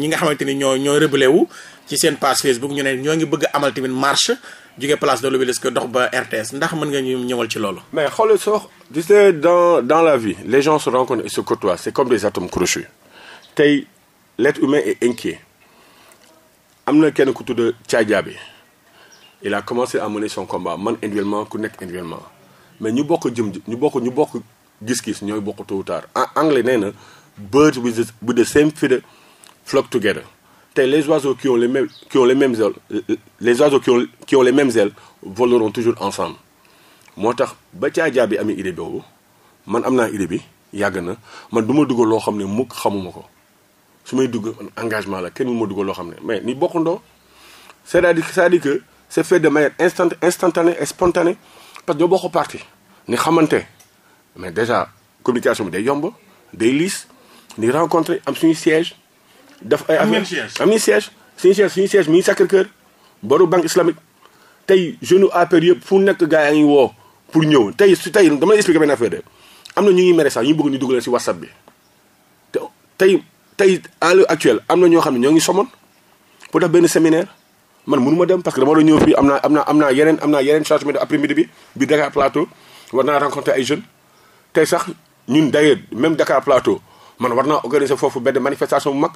ñi nga xamante ni ñoo ñoo rebelle wu ci seen page Facebook ñu ne ñoo ngi bëgg amal tamit marche. jóge place de l'Obélisque dox ba RTS ndax mën nga ñu ñëwal ci loolu. mais xoolal soo gis nga dans dans la vie les gens se rencontrent et se c'est comme des atomes crochus tey l'être humain est inquiet am na kenn ku tudd Thiadiaby il a commencé à mener combat man individuellement ku nekk individuellement mais ñu bokk jëm ñu bokk ñu bokk gis-gis ñooy bokk tôt ou tard en anglais nee na birds with the same feather flock together. c'était les oiseaux ki ont les mêmes, qui ont les mêmes ailes les oiseaux qui ont qui ont les mêmes ailes voleront toujours ensemble moo tax ba caaja bi amee idée boobu man am naa idée bi yàgg na man du ma dugal loo xam ne mukk xamuma ko su may dugg engagement la kenn mu ma dugal loo xam ne mais ni bokkandoo c'est-à-dire c'est-à-dire que c'est fait de manière instant instantanée et spontanée parce que ñoo bokk parti ni xamante mais déjà communication bi day yomb day liis ni rencontrer am suñu siège daf ay affaire am nañ siège suñu suñu siège mi ngi Sacré Cœur boru banque islamique tey jeune APR yëpp fu nekk gars yaa ngi woo pour ñëw tey tey dama lay expliquer am na ñu ngi mere ñu bëgg ñu dugalee si whatsapp bi te tey tey à am na ñoo xam ne ñoo ngi somoon pour def benn séminaire man mënu ma dem parce que dama doon ñëw fii am na am na am naa yeneen am na yeneen changement de après midi bi bi Dakar Plateau war naa rencontrer ay jeunes tey sax ñun d'ailleurs même Dakar Plateau man war naa organiser foofu benn manifestation bu mag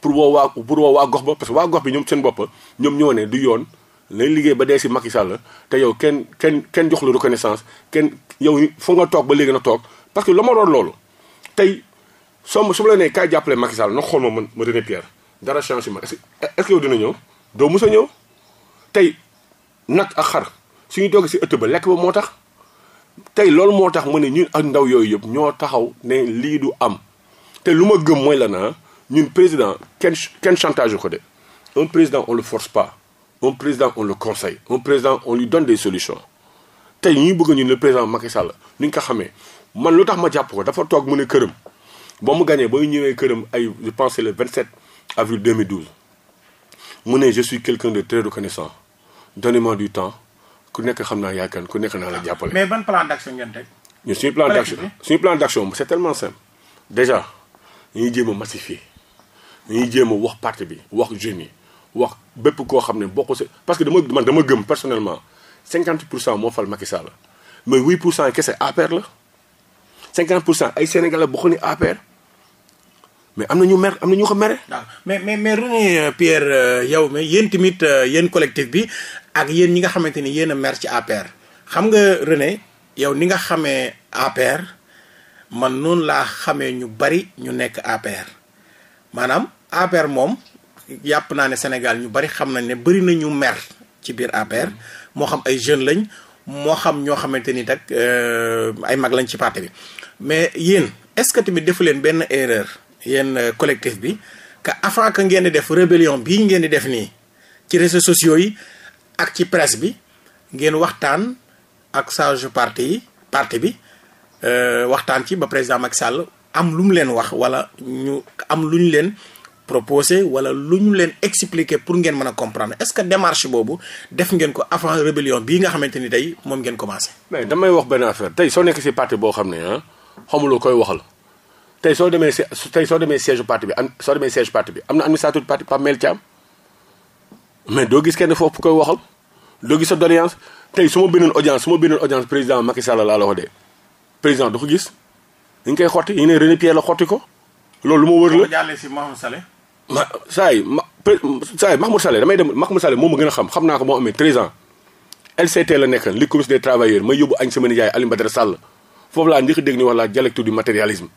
pour woo waa pour woo waa gox ba parce que waa gox bi ñoom seen bopp ñoom ñoo ne du yoon lay liggéey ba dee si Macky la te yow kenn kenn kenn jox la reconnaissance kenn yow fu nga toog ba léegi na toog parce que la ma doon loolu tey soo ma su ma la nee kaay jàppale Macky Sall na xool ma man ma René Pierre dara chance est-ce que yow dina ñëw doo mos a ñëw tey nag ak xar suñu toog si ëtt ba lekk ba moo tax tey loolu moo tax ma ne ñu ak ndaw yooyu yëpp ñoo taxaw ne lii du am te lu ma gëm mooy la naa ñun président kenn kenn chantage ko de un président on le force pas un président on le conseil un président on lui donne des solutions tey ñuy bëgg ñun le président Macky Sall ni ñu ko xame man lu tax ma jàpp ko dafa toog mu ne këram ba mu gagné ba ñëwee këram ay je pense le 27 avril 2012 mu ne je suis quelqu'un de très reconnaissant donnez-moi du temps ku nekk xam naa yaakaar ku nekk naa la jàppale. mais ban plan d'action ngeen teg. ñun suñu plan d'action suñu plan d'action c'est jéem a massifier. dañuy jéem a wax parti bi wax jeunes yi wax bépp koo xam ne bokk si parce que dama man dama gëm personnellement cinquante pour cent moo fal Macky Sall mais huit pour cent kese APR la cinquante pour cent ay Sénégalais bokk ni APR mais am na ñu mer am na ñu ko mere. mais mais mais René euh, Pierre euh, yow mais yéen tamit euh, yéen collectif bi ak yéen ñi nga xamante ni yéen a mer ci APR xam nga René yow ni nga xamee APR man noonu laa xamee ñu bari ñu nekk APR maanaam. APR moom yàpp naa ne Sénégal ñu bari xam nañ ne bari nañu ñu mer ci biir APR moo xam ay jeunes lañ moo xam ñoo xamante ni nag euh, ay mag lañ ci parti bi mais yéen est-ce que tamit defu leen benn erreur yéen euh, collectif bi que avant que ngeen di def rébellion bii ngeen di def nii ci réseaux sociaux yi ak ci presse bi ngeen waxtaan ak sage parti yi parti bi euh, waxtaan ci ba président Macky Sall am lu mu leen wax wala ñu am lu ñu leen. proposé wala lu ñu leen expliquer pour ngeen mën a comprendre est-ce que démarche boobu def ngeen ko avant rébellion bi nga xamante ni tey moom ngeen commencé. mais damay wax benn affaire tey soo nekk ci parti boo xam ne ah xamuloo koy waxal tey soo demee si tey soo demee siège parti bi am soo demee siège bi am na administrateur parti Pape Mel Thiam mais doo gis kenn foofu koy waxal doo gis sa doléance tey su ma bindoon audience su ma bindoon audience président Macky Sall laa la ko dee président gis ñu ngi koy xotti ñu ne René Pierre la xotti ko loolu lu ma wër la. boo jàllee ma saa yi ma saa yi Mahmoud Saleh damay dem mu Saleh moom ma gën a xam xam naa ko moo amee 13 ans t la nekk li commission des travailleurs may yóbbu añ sama nijaay Alioune Badara foofu laa njëkk a dégg ni wala dialecte du matérialisme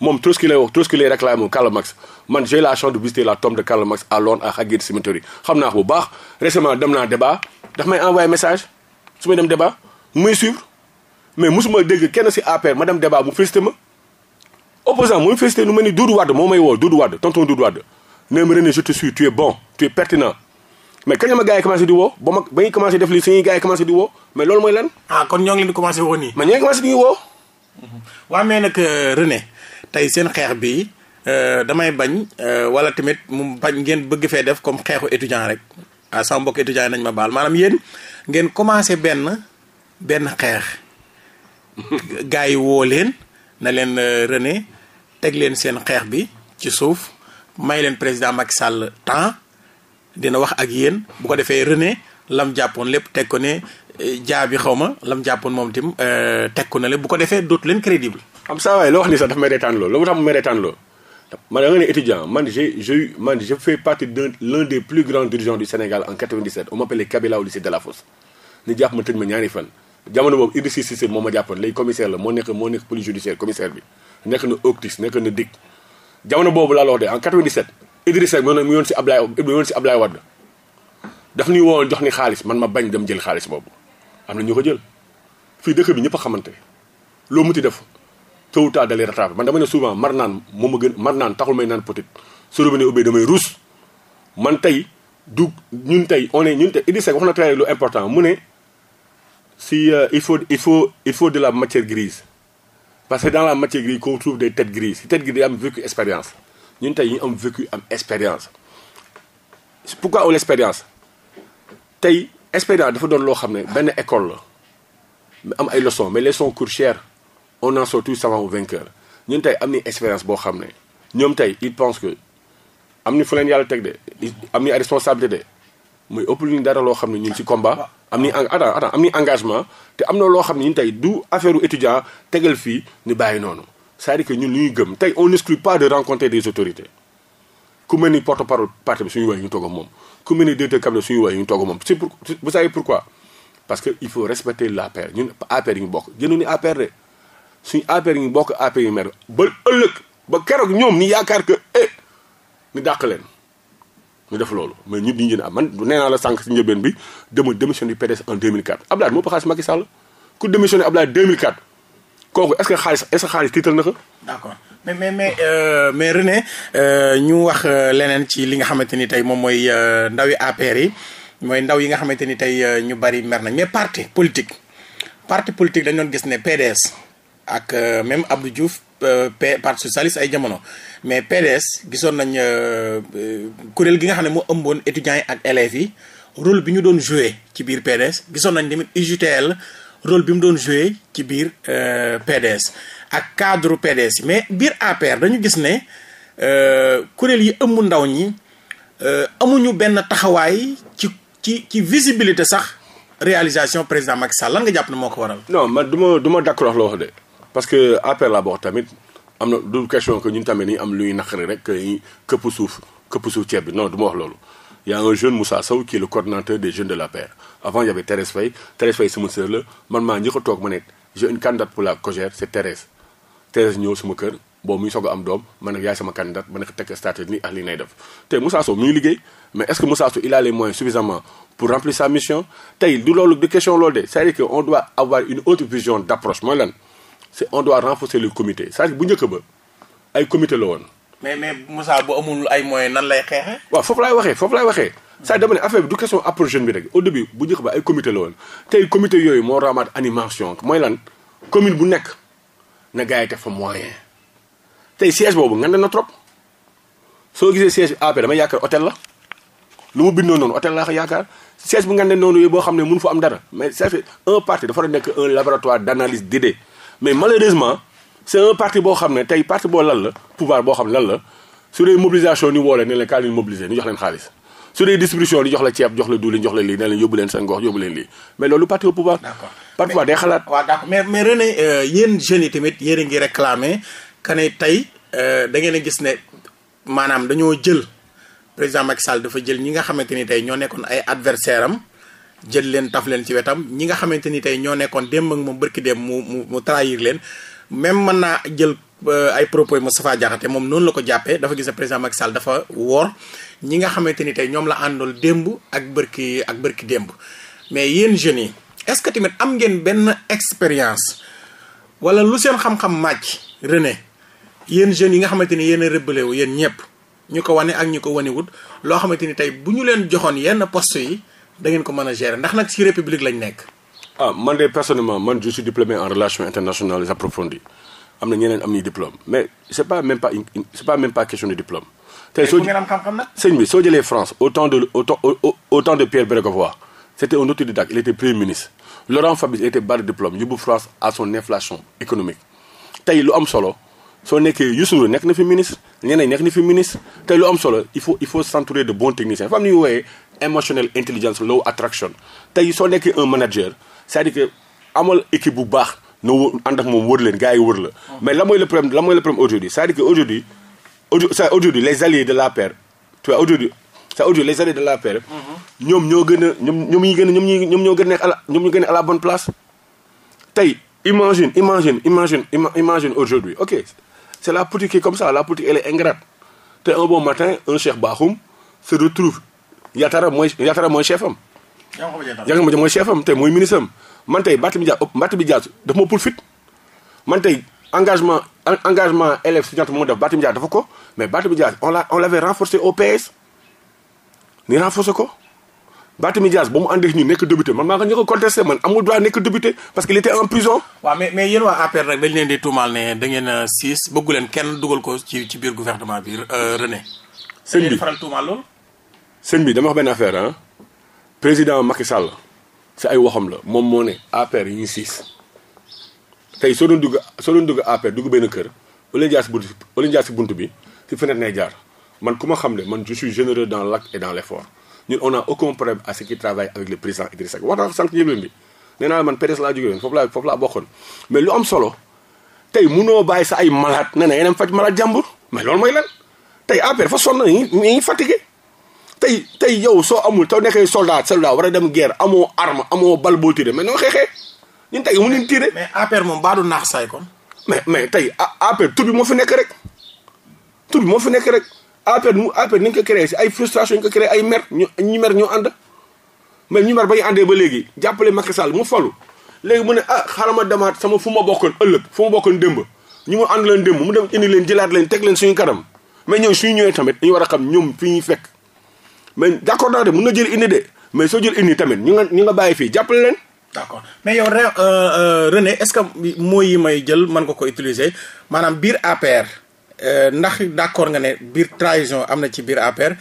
moom Trotsky lay wax Trotsky lay réclame Karl Marx man j'ai la chance de la tombe de Karl Marx à Londres à Highgate xam naa ko bu baax récemment dem naa débat daf may envoyé message su may dem débat muy suivre mais mosuma dégg kenn si APR ma dem débat mu félicité ma opposant muy félicité nu mel ni Doudou moo may woo Doudou Wade tonton mais René je te suis tu es bon tu es pertinent mais kañ la ma gars yi di woo ba mag ba ñuy commencé def lii suñuy gars yi commencé di woo mais loolu mooy lan. Ah, kon ñoo ngi leen di commencé woo nii. mais ñoo ngi commencé di woo. Mhm. mais euh, tey seen xeex bi euh, damay bañ euh, wala tamit mu bañ ngeen bëgg fee def comme xeexu étudiant rek ah sama mbokk étudiant nañ ma baal maanaam yéen ngeen commencé benn benn xeex. Mhm. gars yi woo leen na leen René teg leen seen xeex bi ci suuf. may leen président Macky Sall temps dina wax ak yéen bu ko defee René lam jàppoon lépp teg ko ne eh, jaabi xaw ma lam jàppoon moom tim eh, teg ko na le bu ko defee dootu leen crédible. am saa waay loo wax ni sax dafa may reetaan loolu lu tax mu may man da ne étudiant man j'ai j'ai man je fais partie d'un des plus grands dirigeants du Sénégal en 97 on m'appelait Kabila au lycée Delafosse ñu jàpp ma tëj ma ñaari fan jamono boobu Idrissa Cissé nekk moo nekk police jamono boobu laa la wax de en 97 Idrissa Seck mu yoon si Ablaye mu yoon si Ablaye Wade daf ñuy woo jox ni xaalis man ma bañ dem jël xaalis boobu am na ñu ko jël fii dëkk bi ñëpp a xamante loo muti def tôt ou tard da lay rattrapé man dama ne souvent mar naan moo ma gën mar naan taxul may naan petit su robinet ubbee damay ruus man tey du ñun tey on est ñun tey Idrissa Seck wax na très lu important mu ne si euh, il faut il faut il faut de la matière grise parce que dans la matière grise qu'on trouve des têtes grises si têtes grises am vécu expérience ñun tey ñu am vécu am expérience. pourquoi on l'expérience tey expérience dafa doon loo xam ne benn école la am ay leçons mais leçons coûtent cher on en sort tous savants vainqueurs ñun tey am ni expérience boo xam ne ñoom tey ils pensent que am ni fu leen yàlla teg de am ni ay responsabilité de muy ëpp lu ñu dara loo xam ne ñun ci combat. am ni en attends am nañu engagement te am na loo xam ne ñun tey du affaire u étudiant tegal fii ñu bàyyi noonu c'est-à-dire que ñun lu ñuy gëm tey on n'exclut pas de rencontrer des autorités ku mel ni porte parole parti bi suñu woowee ñu toog moom ku mel ni directeur cabinet suñu woowee ñu toog moom c'est pour vous savez pourquoi parce que il faut respecter l'APR ñun APR yi ñu bokk gënu ni APR de suñu APR ñu bokk APR yi mer ba ëllëg ba keroog ñoom ni yaakaar que eh ni dàq leen ñu def loolu mais ñun dañu jënd am man nee naa la sànq si njëbeen bi dama démission du PDS en 2004 Abdoulaye moo ko xaalis Macky Sall ku démissionné kooku est-ce que xaalis est-ce que ko. d'accord mais mais mais euh, mais euh, ñu wax euh, leneen ci li nga xamante ni tey moom mooy euh, ndawi APR yi mooy ndaw yi nga xamante ni tey ñu bari mer nañ mais parti politique parti politique dañu doon gis ne PDS ak même Abdou Diouf P parti socialiste ay jamono mais PDS gisoon nañ euh, euh, kuréel gi nga xam ne moo ëmboon étudiants yi ak élèves yi bi ñu doon joué ci biir PDS gisoon nañ tamit UJTL rôle bi mu doon joué ci biir euh, PDS ak cadre PDS mais biir APR dañu gis ne kuréel yi ëmb ndaw ñi amuñu benn taxawaay ci ci ci visibilité sax réalisation président Macky Sall lan nga jàpp ne moo ko waral. non man du ma du ma de. parce que APR la boo tamit am na du question que ñun tamit dañu am lu ñuy naqari rek dañuy këpp suuf këpp suuf ceeb bi non du ma wax loolu. y a un jeune Moussa Sow qui est le coordonnateur des jeunes avant y avait Thérèse Faye Thérèse Faye sama la man maa njëkk a toog ma ne j'ai une candidate pour la Cogère c'est Thérèse Thérèse ñëw sama kër boobu muy soog a am doom ma ne yaay sama candidate ma ne teg statut ni ak ah, li nay def te Moussa Sow mi c'est on doit renforcer le comité cest à bu njëkk ba ay comité la woon. mais mais Moussa bu amul ay moyen nan lay xeexee. waaw foofu laay waxee foofu lay waxee. saa dama ne affaire bi du question approche jeune bi rek au début bu yooyu moo ramaat animation mooy lan commune bu nekk na gars yi def fa moyen tey siège na trop soo gisee siège bi AP dama yaakaar hôtel la lu mu bindoo noonu hôtel laa ko yaakaar siège bu noonu boo xam ne mënu fa am dara mais ça un parti dafa a nekk un laboratoire d'analyse d'idées mais malheureusement c' un parti boo xam ne tey parti boo lan la pouvoir boo xam ne lan la su dee mobilisation ñu woo leen ne la kaa leen mobiliser ñu jox leen xaalis su dee distribution ñu jox la ceeb jox la diwlin jox la lii ne leen yóbbu leen seen gox yóbbu leen lii mais loolu parti au pouvoir. d' accord parfois day xalaat. waaw d' accord mais mais René euh, yéen jeunes yi tamit yéen a ngi réclamer ka ne tey euh, da ngeen a gis ne maanaam dañoo jël président Macky Sall dafa jël ñi nga xamante ni tey ñoo nekkoon ay adversaire am. jël leen taf leen ci wetam ñi nga xamante ni tey ñoo nekkoon démb ak moom bërki dem mu mu mu trahir leen même mën naa jël euh, ay propos Moustapha Diakhaté moom noonu la ko jàppee dafa gis ne président woor ñi nga xamante ni tey ñoom la àndool démb ak bërki ak bërki démb mais yéen jeunes yi est-ce que tamit am ngeen benn expérience wala lu seen xam-xam màcc René yéen jeunes yi nga xamante ni yéen a rébellé wu yéen ñëpp ñu ko wane ak ñu ko wanewut loo xamante ni tey bu ñu leen joxoon yenn poste yi da ngeen ko mën a ndax nag ci république lañ nekk. ah man de personnellement man je suis diplômé en relations internationales approfondies am na ñeneen am ñuy diplôme mais c' est pas même pas question de diplôme. tey soo ngeen am jëlee France au temps de au temps au temps de Pierre Bérégovoy c' était il était premier ministre Laurent Fabius était barre de diplôme yóbbu France à son inflation économique tey lu am solo. soo nekkee Youssou Ndour nekk na fi ministre ñeneen nekk na fi ministre te lu emotional intelligence low attraction tey soo nekkee un manager c'est-à-dire amal équipe bu baax na wó ànd moom wër leen gars yi wër la. mais la mooy le problème la mooy le problème aujourd'hui c'est-à-dire que aujourd'hui les alliés de la per vois aujourd'hui c'est aujourd'hui les alliés de l'APR. Mhm. ñoom ñoo gën a ñoom ñoom ñi gën a ñoom ñi ñoom ñoo gën a nekk la ñoom ñu gën à la bonne place tey imagine imagine imagine imagine aujourd'hui ok c'est la politique qui comme ça la politique elle est ingrate te un bon matin un Cheikh Bakhoum Yatara mooy Yatara mooy chef am. Yankoba mooy chef am tey mooy ministre am man tey Barthélémy Dias Barthélémy man tey engagement engagement élève étudiant moo def Barthélémy dafa ko mais Barthélémy on l'a on l'avait renforcé au PS ni renforcé ko Barthélémy ba mu ànd ak ñu nekk député man maa ko ñu ko contesté man amul droit nekk député parce qu'il était en prison. mais mais waa APR nag dañ leen tuumaal ne da siis bëggu kenn dugal ko ci biir gouvernement bi euh, René. sëñ bi faral sëñ bi dama wax benn affaire ah président Macky Sall si ay waxam la moom moo ne APR yi ñu siis tey soo doon dugg soo doon dugg APR dugg benn kër wala jaar si buntu wala jaar si buntu bi si nay jaar man ku ma xam ne man je suis généreux dans l'acte dans l'effort ñun on a aucun problème à bi nee naa man PDS laa jógee woon foofu laa foofu laa bokkoon mais lu am solo tey munoo bàyyi sa ay malade ne na yeneen faj malade jàmbur mais loolu mooy lan tey APR fa sonn nañu ñu fatigué tey tey yow soo amul soo nekkee soldat soldat war a dem guerre amoo arme amoo bal boo tiré mais noo xeexee ñun tey mu leen tiré. mais APR moom baa du naax saay kon. mais mais tey APR tur bi moo fi nekk rek tur bi moo fi nekk rek APR mu APR ni ñu ko créé si ay frustration ñu ko créé ay mer ñu ñi mer ñoo ànd mais ñu mer ba ñu àndee ba léegi jàppale Macky sal mu falu léegi mu ne a ah, xaaral ma demaat sama fu ma bokkoon ëllëg fu ma bokkoon démb ñu mu ànd leen démb mu dem indi leen jëlaat leen teg leen suñu kanam mais ñoom suñu ñëwee tamit dañu war a xam ñoom fi ñuy fekk mais d' accord naa de na jël indi mais soo jël indi tamit ñu nga ñu nga bàyyi fii jàppale leen. d' mais yow euh, euh, René est ce que moo yi may jël mën nga ko utiliser maanaam biir APR euh, ndax d' accord nga ne biir trahison am na ci biir APR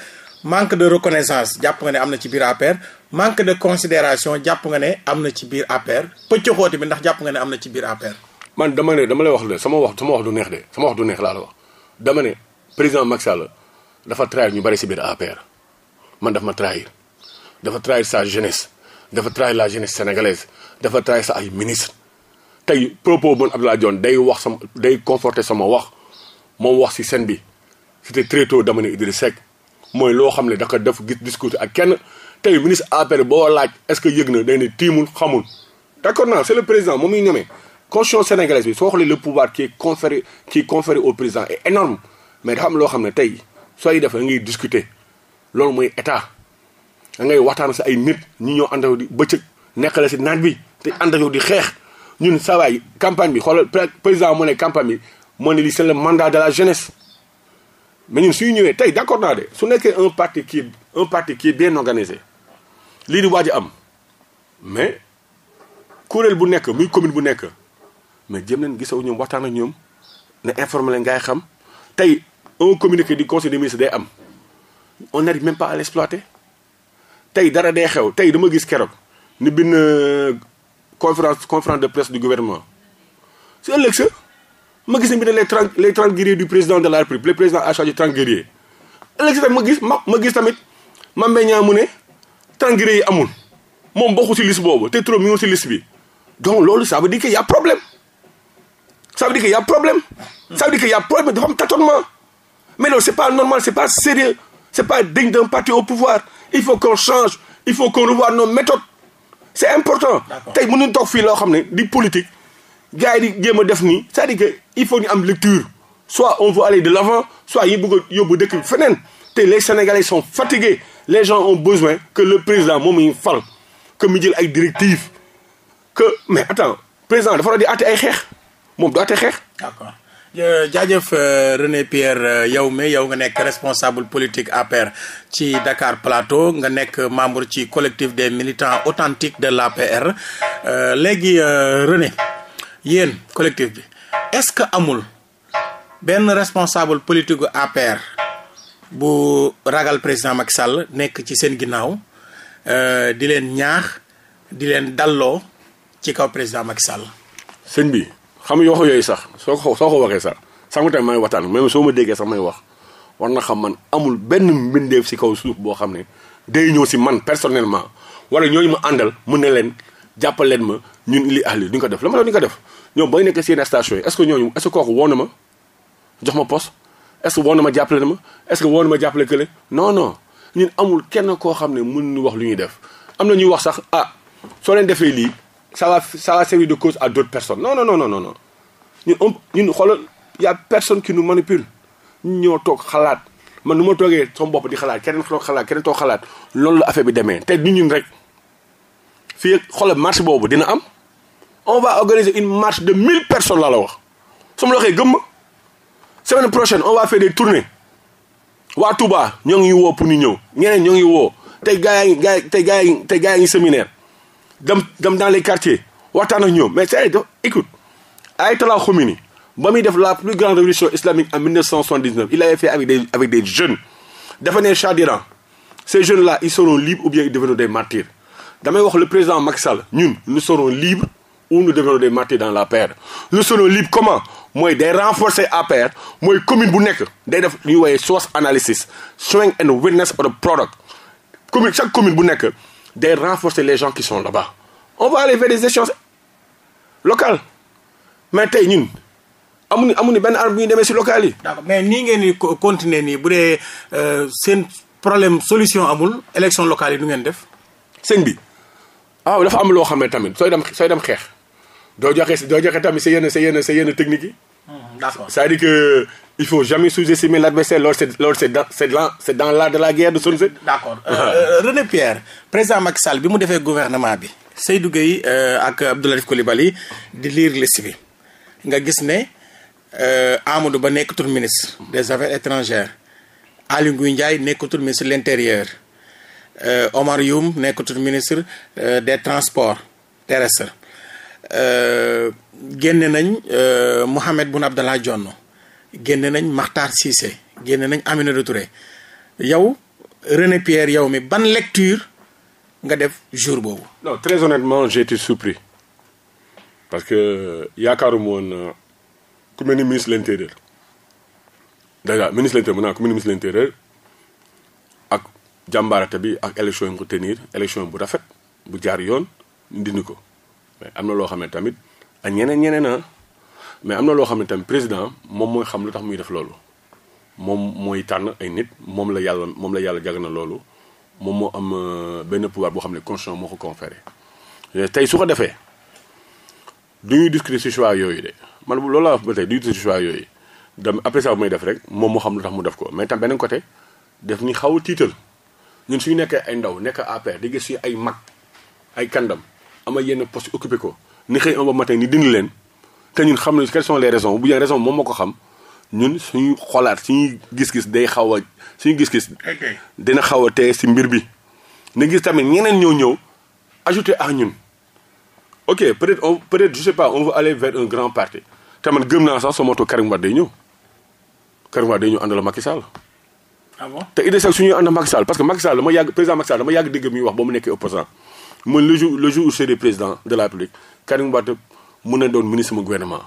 manque de reconnaissance jàpp nga ne am na ci biir APR manque de considération jàpp nga ne am na ci biir APR pëccoxoote bi ndax jàpp nga ne am na ci biir APR. man dama ne dama lay wax la sama wax sama wax du neex de sama wax du neex laa la wax dama ne président Macky Sall dafa trahir ñu bari si biir APR. man daf ma trahir dafa trahir sa jeunesse dafa trahir la jeunesse sénégalaise dafa trahir sa ay ministre tey propos bon Abdoulaye Dione day wax sama day conforter sama wax moom wax ci seen bi c'était très tôt dama ne Idrissa Seck mooy loo xam ne daka def gis discuter ak kenn tey ministre APR boo laaj est-ce que yëg na day ne tiimul xamul d'accord naa c'est le président moom muy ñemee constitution sénégalaise bi soo xoolee le pouvoir qui est conféré qui est conféré au président est énorme mais dafa am loo xam ne tey sooy def da ngay discuter loolu mooy état da ngay waxtaan sa ay nit ñi ñoo ànd ak yow di bëccëg nekkale si naat bi te ànd ak di xeex ñun saa waay campagne bi xoolal président moo ne campagne bi moo ne lii c'est le mandat de la jeunesse mais ñun suy ñëwee tey d'accord naa de su nekkee un parti qui un parti qui est bien organisé lii di waaj am mais kuréel bu nekk muy commune bu nekk mais jëm leen gisaw ñoom waxtaan ak ñoom ne informe leen ngay xam tey un communique di conseil des ministres day am. on n'arrive même pas à l'exploiter tey dara day xew tey dama gis keroog ni benn euh, conférence conférence de presse du gouvernement si ëllëg sa ma gis ne bi ne les trente les trente guerriers du président de la République le président à charge de trente guerriers ëllëg tamit ma gis ma ma gis tamit ma meññaa mu ne trente yi amul moom bokkul si liste boobu te trop mi si liste bi donc loolu ça veut dire problème ça veut dire que y a problème ça veut dire que y a problème dafa mais loolu c'est c'est pas digne d'un parti au pouvoir il faut qu'on change il faut qu'on revoie nos méthodes c'est important tey mënuñ toog fii loo xam ne di politique gars yi di jéem a def nii c'est-à-dire que il faut ñu am lecture soit on veut aller de l'avant soit yi bëgg a yóbbu dëkk bi feneen te les sénégalais sont fatigués les gens ont besoin que le président moom ñu fal que mu jël ay directives que mais attends président dafa war di àtte ay xeex moom du àtte xeex d'accord jaajëf euh, René Pierre euh, yow mi yow nga nekk responsable politique APR ci Dakar Plateau nga nekk membre ci collectif des militants authentiques de l'APR euh, léegi René yéen collectif bi est-ce que amul benn responsable politique gu APR bu ragal président Macky Sall nekk ci seen ginnaaw di leen ñaax di leen dalloo ci kaw président Macky Sall. sëñ bi. xam nga waxu yooyu sax soo ko soo ko waxee sax sànq tamit may waxtaan même soo ma déggee sax may wax war na xam man amul benn mbindeef si kaw suuf boo xam ne day ñëw si man personnellement wala ñooñu ma àndal mën na leen jàppal leen ma ñun li ahli duñ ko def la ma la duñ ko def ñoom bay nekk seen station yi est-ce que ñooñu est-ce que kooku ma jox ma poste est-ce que na ma jàppale na ma est-ce que woon ma jàppale kële noonoo ñun amul kenn koo xam ne mën ñu wax lu ñuy def am na ñuy wax sax ah soo leen defee lii ça va ça va servir de cause à d'autres personnes non non non non non ñun on ñun xoolal y a personne qui nous manipule ñun ñoo toog xalaat man nu ma toogee sama bopp di xalaat keneen toog xalaat keneen toog xalaat loolu la affaire bi demee te du ñun rek fii xoolal marche boobu dina am on va organiser une marche de mille personnes laa la wax su ma la waxee gëmm semaine prochaine on va faire des tournées waa Touba ñoo ngi woo pour ñu ñëw ñeneen ñoo ngi woo tey gaa yaa ngi gaa tey gaa yaa ngi tey gaa yaa ngi séminaire. dem dem dans les quartiers waxtaan ak ñoom mais c'est def écoute Ayatollah Khomeini ba muy def la plus grande révolution islamique en 1979 il l'avait fait avec des avec des jeunes dafa ne Shah d'Iran ces jeunes là ils seront libres ou bien ils deviendront des martyrs damay wax le président Macky Sall ñun nous serons libres ou nous deviendrons des martyrs dans la l'APR nous serons libres comment mooy day renforcer APR mooy commune bu nekk day def lu ñuy woowee source analysis strength and weakness of the product commune chaque commune bu nekk de renforcer les gens qui sont là-bas. on va aller vers des échéances mais tey ñun amuñu amun benn arme bu ñu demee si locales yi. d'accord mais nii ngeen di continuer nii bu dee euh, seen problème solution amul élection locale yi du ngeen def. sëñ bi waaw ah, dafa am loo xam ne tamit sooy dem sooy dem xeex doo joxe doo joxe tamit sa yenn sa yenn sa yenn technique yi. Hmm, il faut jamais sous-estimer l'adversaire loolu c'est loolu c'est dans c'est dans c'est dans l'art de la guerre de Sun Tzu. d'accord euh, euh Pierre président Macky Sall bi mu defee gouvernement bi. Seydou Gueye euh, ak Abdoulaye Coulibaly di liir liste bi nga gis ne euh, Amadou Ba nekkatul ministre des affaires étrangères Aly Ngouille Ndiaye nekkatul ministre de l'intérieur Omar Youm nekkatul ministre des transports terrestres génne nañ Mohamed Boun Abdallah Dionne. génne nañ Makhtar Cissé génne nañ Aminata Touré yow René Pierre yow mi ban lecture nga def jour boobu. non très honnêtement j'ai été parce que yaakaaruma woon euh, ku mel ni ministre de l'intérieur déjà ministre de l'intérieur mu naa ku mel ni ministre de l'intérieur ak jàmbaarate bi ak élection yi mu tenir élection bu rafet bu jaar yoon dindi ko am na loo xam ne tamit ak ñeneen ñeneen ah. mais am na loo xam ne tamit président moom mooy xam lu tax muy def loolu moom mooy tànn ay nit moom la yàlla moom la yàlla jag na loolu moom moo am euh, benn pouvoir boo xam ne constitution moo ko conféré tey su ko defee du ñuy discuter ci choix yooyu de man loolu laa wax ba tey du ñuy discuter ci choix yooyu dem après ça bu may def rek moom moo xam lu tax mu def ko mais tam beneen côté def ni xaw a tiital ñun suñu nekkee ay ndaw nekk APR di gis suñu ay mag ay kandam ama yenn poste occupé ko ni xëy un ba matin ni dindi leen te ñun xam nañ quelles sont les raisons bu jeex moom moo ko xam ñun suñu xolaat suñuy gis-gis day xaw a suñu gis-gis. dina xaw a tee si mbir bi. na gis tamit ñeneen ñëw ñëw ajouté à ñun ok peut être on peut être je sais pas on veut aller vers un grand parti te man gëm naa sax soo moto Karim Wade day ñëw Karim day ñëw àndal Macky Sall. ah bon te Idrissa su ñuy ànd Macky parce que Macky dama yàgg président muy wax ba mu nekkee opposant man le jour le jour mun na doon ministre mu gouvernement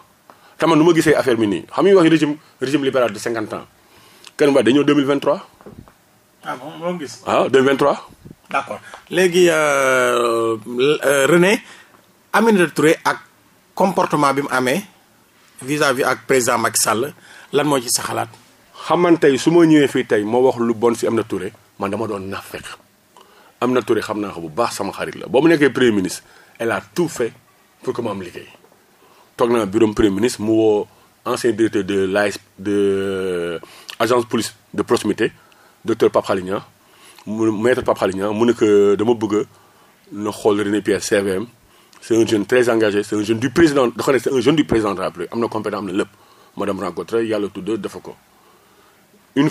te man nu ma gisee affaire bi nii xam nga wax régime régime libéral de 50 ans kenn waa dañoo 2023. ah bon moo gis. ah 2023. d'accord léegi euh, euh, René Aminata ak comportement bi mu amee vis-à-vis ak président Macky Sall lan moo ci sa xalaat. xam man tey su ma ñëwee fii tey moo wax lu bon si am Aminata Touré man dama doon am na Touré xam naa ko bu baax sama xarit la boo mu nekkee premier ministre elle a tout pour que mu am toog naa bureau premier ministre mu woo ancien directeur de l'AS de agence police de proximité docteur Pape Xaliña mu maître Pape Xaliña mu ne dama bëgg na xool René Pierre CVM c'est un jeune très président dafa ne c'est un jeune du président de na compétence am na lépp ma dem rencontré yàlla tudd dafa ko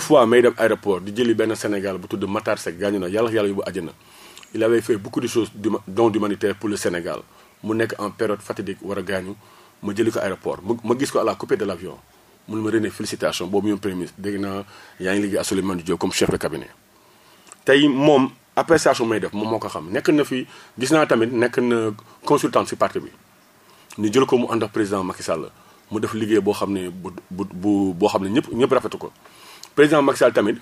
fois may dem aéroport di jëli benn Sénégal bu tudd Matar Seck gaañu na yàlla yàlla yóbbu àjjana il avait fait beaucoup de choses dont d'humanitaire pour Sénégal mu nekk en période fatidique war a gaañu ma jëli ko aéroport ma gis ko à la coupée de l' avion mun ma René félicitation boobu yoon premier ministre dégg naa yaa ngi liggéey ak Souleymane Diop comme chef de cabinet tey moom appréciation may def moom moo ko xam nekk na fi gis naa tamit nekk na consultant si parti bi ñu jël ko mu ànd ak président Macky mu def liggéey boo xam ne bu bu bu boo xam ne ñëpp ñëpp rafetu ko président Macky tamit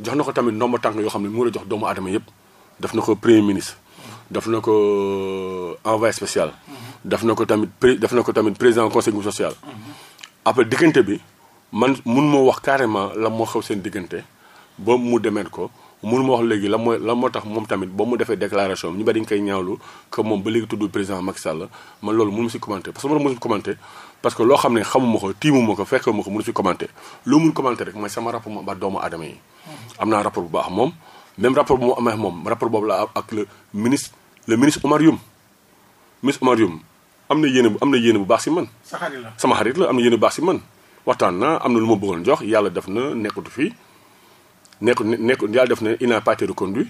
jox na ko tamit ndomba tànk yoo xam ne mu la jox doomu aadama yëpp def na ko premier ministre def na ko euh, envoyé spécial mm-hmm. daf na ko tamit pré daf na tamit président conseil social. après diggante bi man mun moo wax carrément la moo xew seen diggante ba mu demeet ko mun ma wax léegi la mooy la moo tax moom tamit ba mu defee déclaration ñu bari ñu koy ñaawlu que moom ba léegi tudd président Macky Sall man loolu mënu mu si commenté parce que mënu parce que loo xam ne xamuma ko tiimuma ko fekke ma ko mënu si commenté loo mun commenté rek mooy sama rapport ma ba doomu aadama yi am naa rapport bu baax moom même rapport bu mu amee moom boobu la ak le ministre le ministre Oumar Youm ministre Oumar Youm am na bu am na yéene bu baax si man. sa xarit la sama xarit la am na yéene bu baax si man waxtaan naa am na lu ma bëggoon jox yàlla def na nekkatu fii nekk nekk yàlla def na il n'a pas reconduit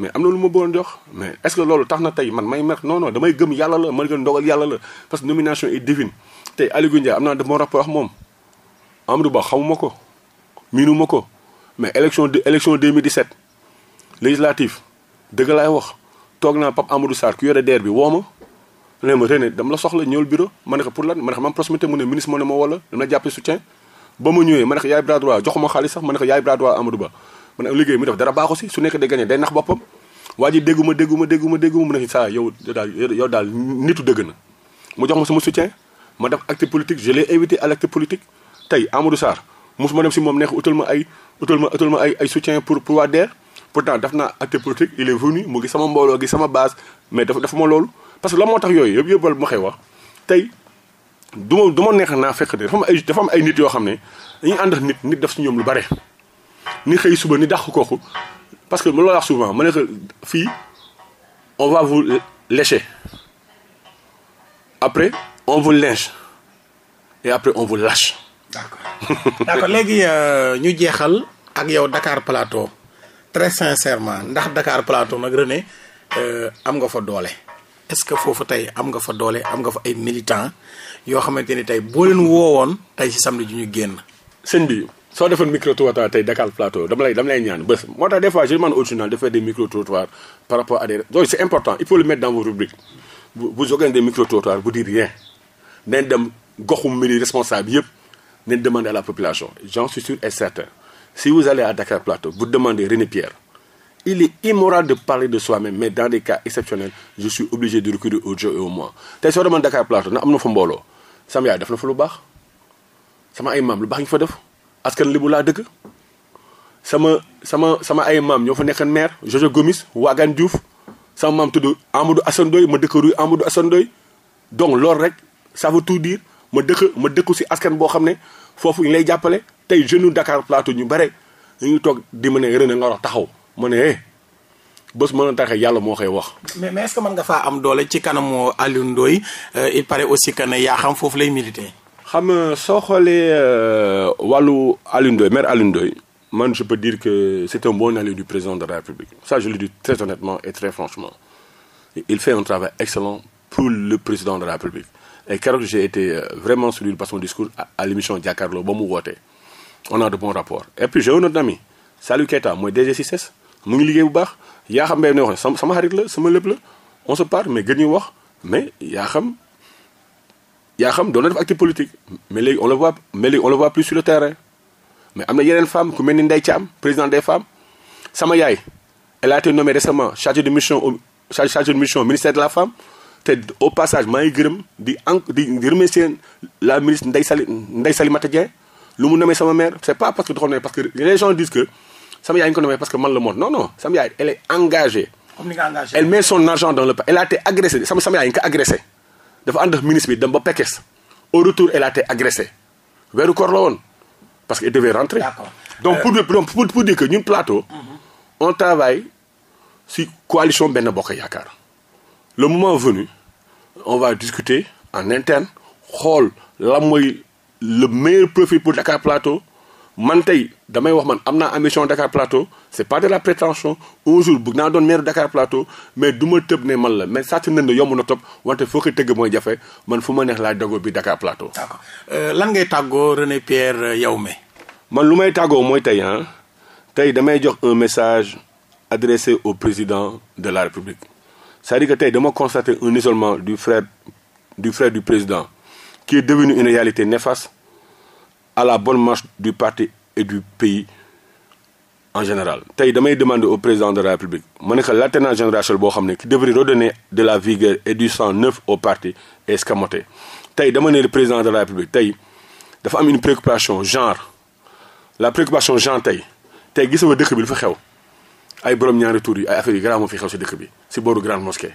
mais am na lu ma bëggoon jox mais est-ce que loolu tax na tey man may mer non non damay gëm yàlla la man gën ndogal yàlla la parce que nomination est divine tey Aliou Ndiaye am naa def mon rapport ak moom Amadou Ba xamuma ko miinuma ko mais élection de élection 2017 législative dëgg laay wax toog naa Pape Amadou Sarr ku yore bi woo ma mu ne ma René dama la soxla ñëwul bureau ma ne ko pour lan ma ne ko ma am proximité mu ne ministre ma wala dama la jàppee soutien ba ma ñëwee ma ne ko yaay bras droit joxuma xaalis sax ma ne ko yaay bras droit Amadou Ba ma su nekk ma def dem si moom nekk utal ma ay utal ma utal ma ay ay soutien pour pour waa DER pourtant def naa acte politique il est mu gis sama mbooloo gi sama base mais daf dafa ma loolu parce que la moo tax yooyu yëpp yëppal ma koy wax tey du ma du ma neex naa fekk de dafa am ay dafa am ay nit yoo xam ne dañuy ànd ak nit nit def si ñoom lu bare. ni xëy suba ni dàq kooku parce que loolu wax souvent ma ne que fii on va vous lécher après on vous linge et après on vous lâche. d'accord d'accord léegi euh, ñu jeexal ak yow Dakar Plateau très sincèrement ndax Dakar Plateau nag René euh, am nga fa doole. est-ce que foofu tey am nga fa doole am nga fa ay militants yoo xamante ni tey boo leen woowoon tey ci samedi ju ñu génn. sëñ bi soo defoon micro trottoir tey Dakar Plateau dama lay dama lay ñaan bés moo tax des fois je demande au journal de faire des micro trottoirs par rapport à des loolu c'est important il faut le mettre dans vos bu bu organisez des micro trottoirs bu di rien nañ dem goxu mbiri responsable yëpp nañ demande à la population j'en suis sûr et certain si vous allez à Dakar il est immoral de parler de soi-même mais dans des cas exceptionnels je suis obligé de recourir au jeu et au moi tey soo demoon Dakar Plateau na am na fa mbooloo sama yaay def na fa lu baax sama ay maam lu baax ñu fa def askan li bu laa dëkk sama sama sama ay maam ñoo fa nekkoon maire Jojo Gomis Wagan Diouf sama maam tudd Amadou Assane Ndoye ma dëkk rue Amadou Assane donc loolu rek ça veut tout dire ma dëkk ma dëkku si askan boo xam ne foofu ñu lay jàppale tey jeune Dakar Plateau ñu bare ñu ngi toog di ma ne René Ngor taxaw ma ne eh, bés mën a taxe yàlla moo koy wax. mais mais est man nga faa am doole ci kanam Alioune Ndoye euh, il paraît aussi que yaa xam foofu lay militer. xam nga soo xoolee euh, wàllu Alioune Ndoye maire Alioune Ndoye man je peux dire que c'est un bon allié du président de la République ça je le dis très honnêtement et très franchement il fait un travail excellent pour le président de la République et keroog j'ai été euh, vraiment soutenu par son discours à l'émission Jakaarlo ba mu wootee on a de bons rapports mu ngi liggéey bu baax yaa xam mbay ne wax sama sama xarit la sama lépp la on se parle mais gën wax mais yaa xam yaa xam doon na def acte politique mais léegi on le voit mais léegi on le voit plus sur le terrain mais am na yeneen femme ku mel ni Ndeye Thiam président des femmes sama yaay elle a été nommée récemment chargée de mission au chargée mission ministère de la femme te au passage maa ngi gërëm di en di remercier la ministre Ndeye Sali Ndeye Salimata Dieng lu mu nommé sama maire c'est pas parce que doxoon na parce que les gens disent sama yaay ñu ko nommé parce que man la moon non non sama yaay elle est engagée. elle met son argent dans le pa elle a été agressée sama sama yaay ñu ko agressé dafa ànd ak ministre bi dem ba Pekes au retour elle a été agressée weeru koor la woon parce que il devait rentrer. d'accord donc pour euh, pour pour, pour plateau. Mhm. on travaille si coalition Benno Bokk Yaakaar. le moment venu on va discuter en interne xool lan mooy le meilleur profit pour Dakar Plateau. man tey damay wax man am naa ambition Dakar Plateau c'est pas de la prétention un jour bëgg naa doon maire Dakar Plateau mais du ma tëb ne man la mais sàcc nañ la yomb na topp wante foo ko tëgg mooy jafe man fu ma neex laa dogoo bi Dakar Plateau. d'accord euh, lan ngay tàggoo René Pierre euh, Yahoume. man lu may tàggoo mooy tey ah tey damay jox un message adressé au président de la République c'est-à-dire que tey dama constater un isolement du frère du frère du président qui est devenu une à la bonne marche du parti et du pays en général tey damay demande au président de la république ma ne que l'alternance générationnelle boo xam ne qui devrait redonner de la vigueur et du sang neuf au parti est tey dama ne le président de la république tey dafa am une préoccupation genre la préoccupation genre tey tey gis nga dëkk bi lu fi xew ay borom ñaari tur yi ay affaires yu grave fi xew si dëkk bi si booru grande mosquée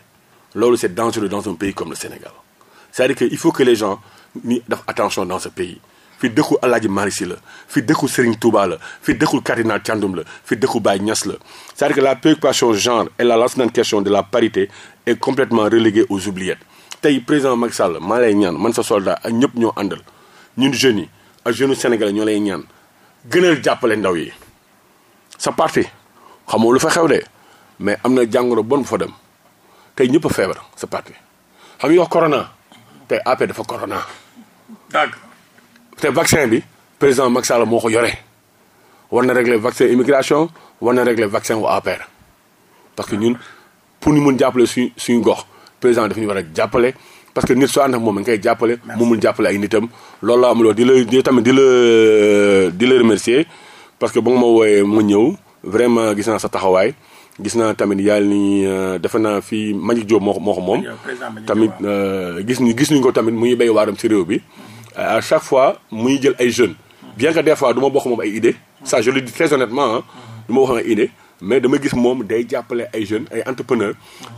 loolu c'est dangereux dans un pays comme le Sénégal cest que il faut que attention dans fi dëkku El Hadj Malick Sy la fi dëkku Serigne Touba la fi dëkku cardinal Thiandoum la fi dëkku Baye Niass la c'est-à-dire que la préoccupation genre et la lancinante question de la parité et complètement reléguée aux oubliettes tey président Macky Sall maa lay ñaan man sa soldat ak ñëpp ñoo àndal ñun jeunes yi ak jeunes sénégal ñoo lay ñaan gënal jàppale ndaw yi sa parti xamoo lu fa xew de mais am na jàngoro bon bu fa dem tey ñëpp a feebar sa parti xam nga corona tey AP dafa corona. te vaccin bi président Macky Sall moo ko yore war na régler vaccin immigration war na régler vaccin wu APR parce que ñun pour ñu mun jàppale suñ suñu gox président daf ñu war a jàppale parce que nit soo ànd ak moom nga koy jàppale mu mun jàppale ay nitam loolu laa amuloo di la di tamit di la di la remercier parce que ba nga ma wooyee mu ñëw vraiment gis naa sa taxawaay gis naa tamit yàlla ni euh, defe naa fii Magic Diop moo ko moom tamit euh, gis ni gis nañu ko tamit mu ngi béy si réew bi Euh, à chaque fois muy jël ay jeunes bien que des fois du ma bokk moom ay idée ça je le dis très honnêtement ah du ma wax ay mais dama gis moom day jàppale ay jeunes ay entrepreneur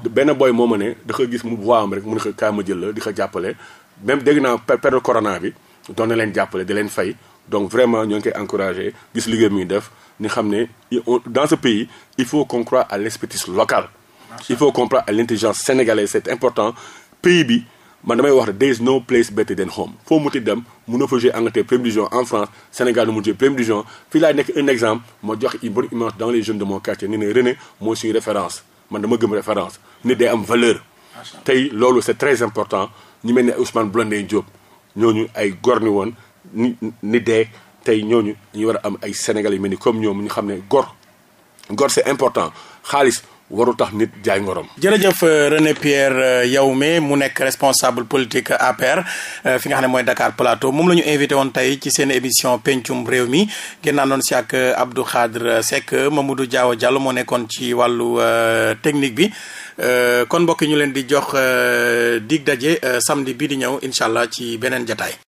benn boy moo ma ne da gis mu voiam rek mu ne ko kaa ma jël la di ko jàppale même dégg naa période corona bi doon na leen jàppale di leen fay donc vraiment ñoo ngi koy encouragé gis liggéey mi def ni xam ne dans ce pays il faut qu'on croit à l'expertise locale il faut qu'on croit à l'intelligence important pays bi man damay wax ne there is no place better than home foo muti dem mënoo fa jouer Angleterre première division en France Sénégal nu mu jouer première division fii laay nekk un exemple ma jox i bonne image dans les jeunes de mon quartier ne ne René mooy suñu référence man dama gëm référence nit day am valeur tey loolu c'est très important ñi mel ne Ousmane Blondin ñoo ñu ay gor ni woon nit ni dee tey ñooñu ñu war a am ay sénégal yu mel ni comme ñoom ñu xam ne gor gor c'est important xaalis waru tax nit jaay ngorom. jërëjëf René Pierre euh, Yahoume mu nekk responsable politique APR euh, fi nga xam ne mooy Dakar Plateau moom la ñu invité woon tey ci seen émission pencum réew mi ngeen naanoon si ak euh, Abdou Khadre Seck Mamadou Diaw Diallo moo nekkoon ci wàllu technique bi kon mbokk ñu leen di jox dig daje samedi bii di ñëw incha allah ci beneen jataay.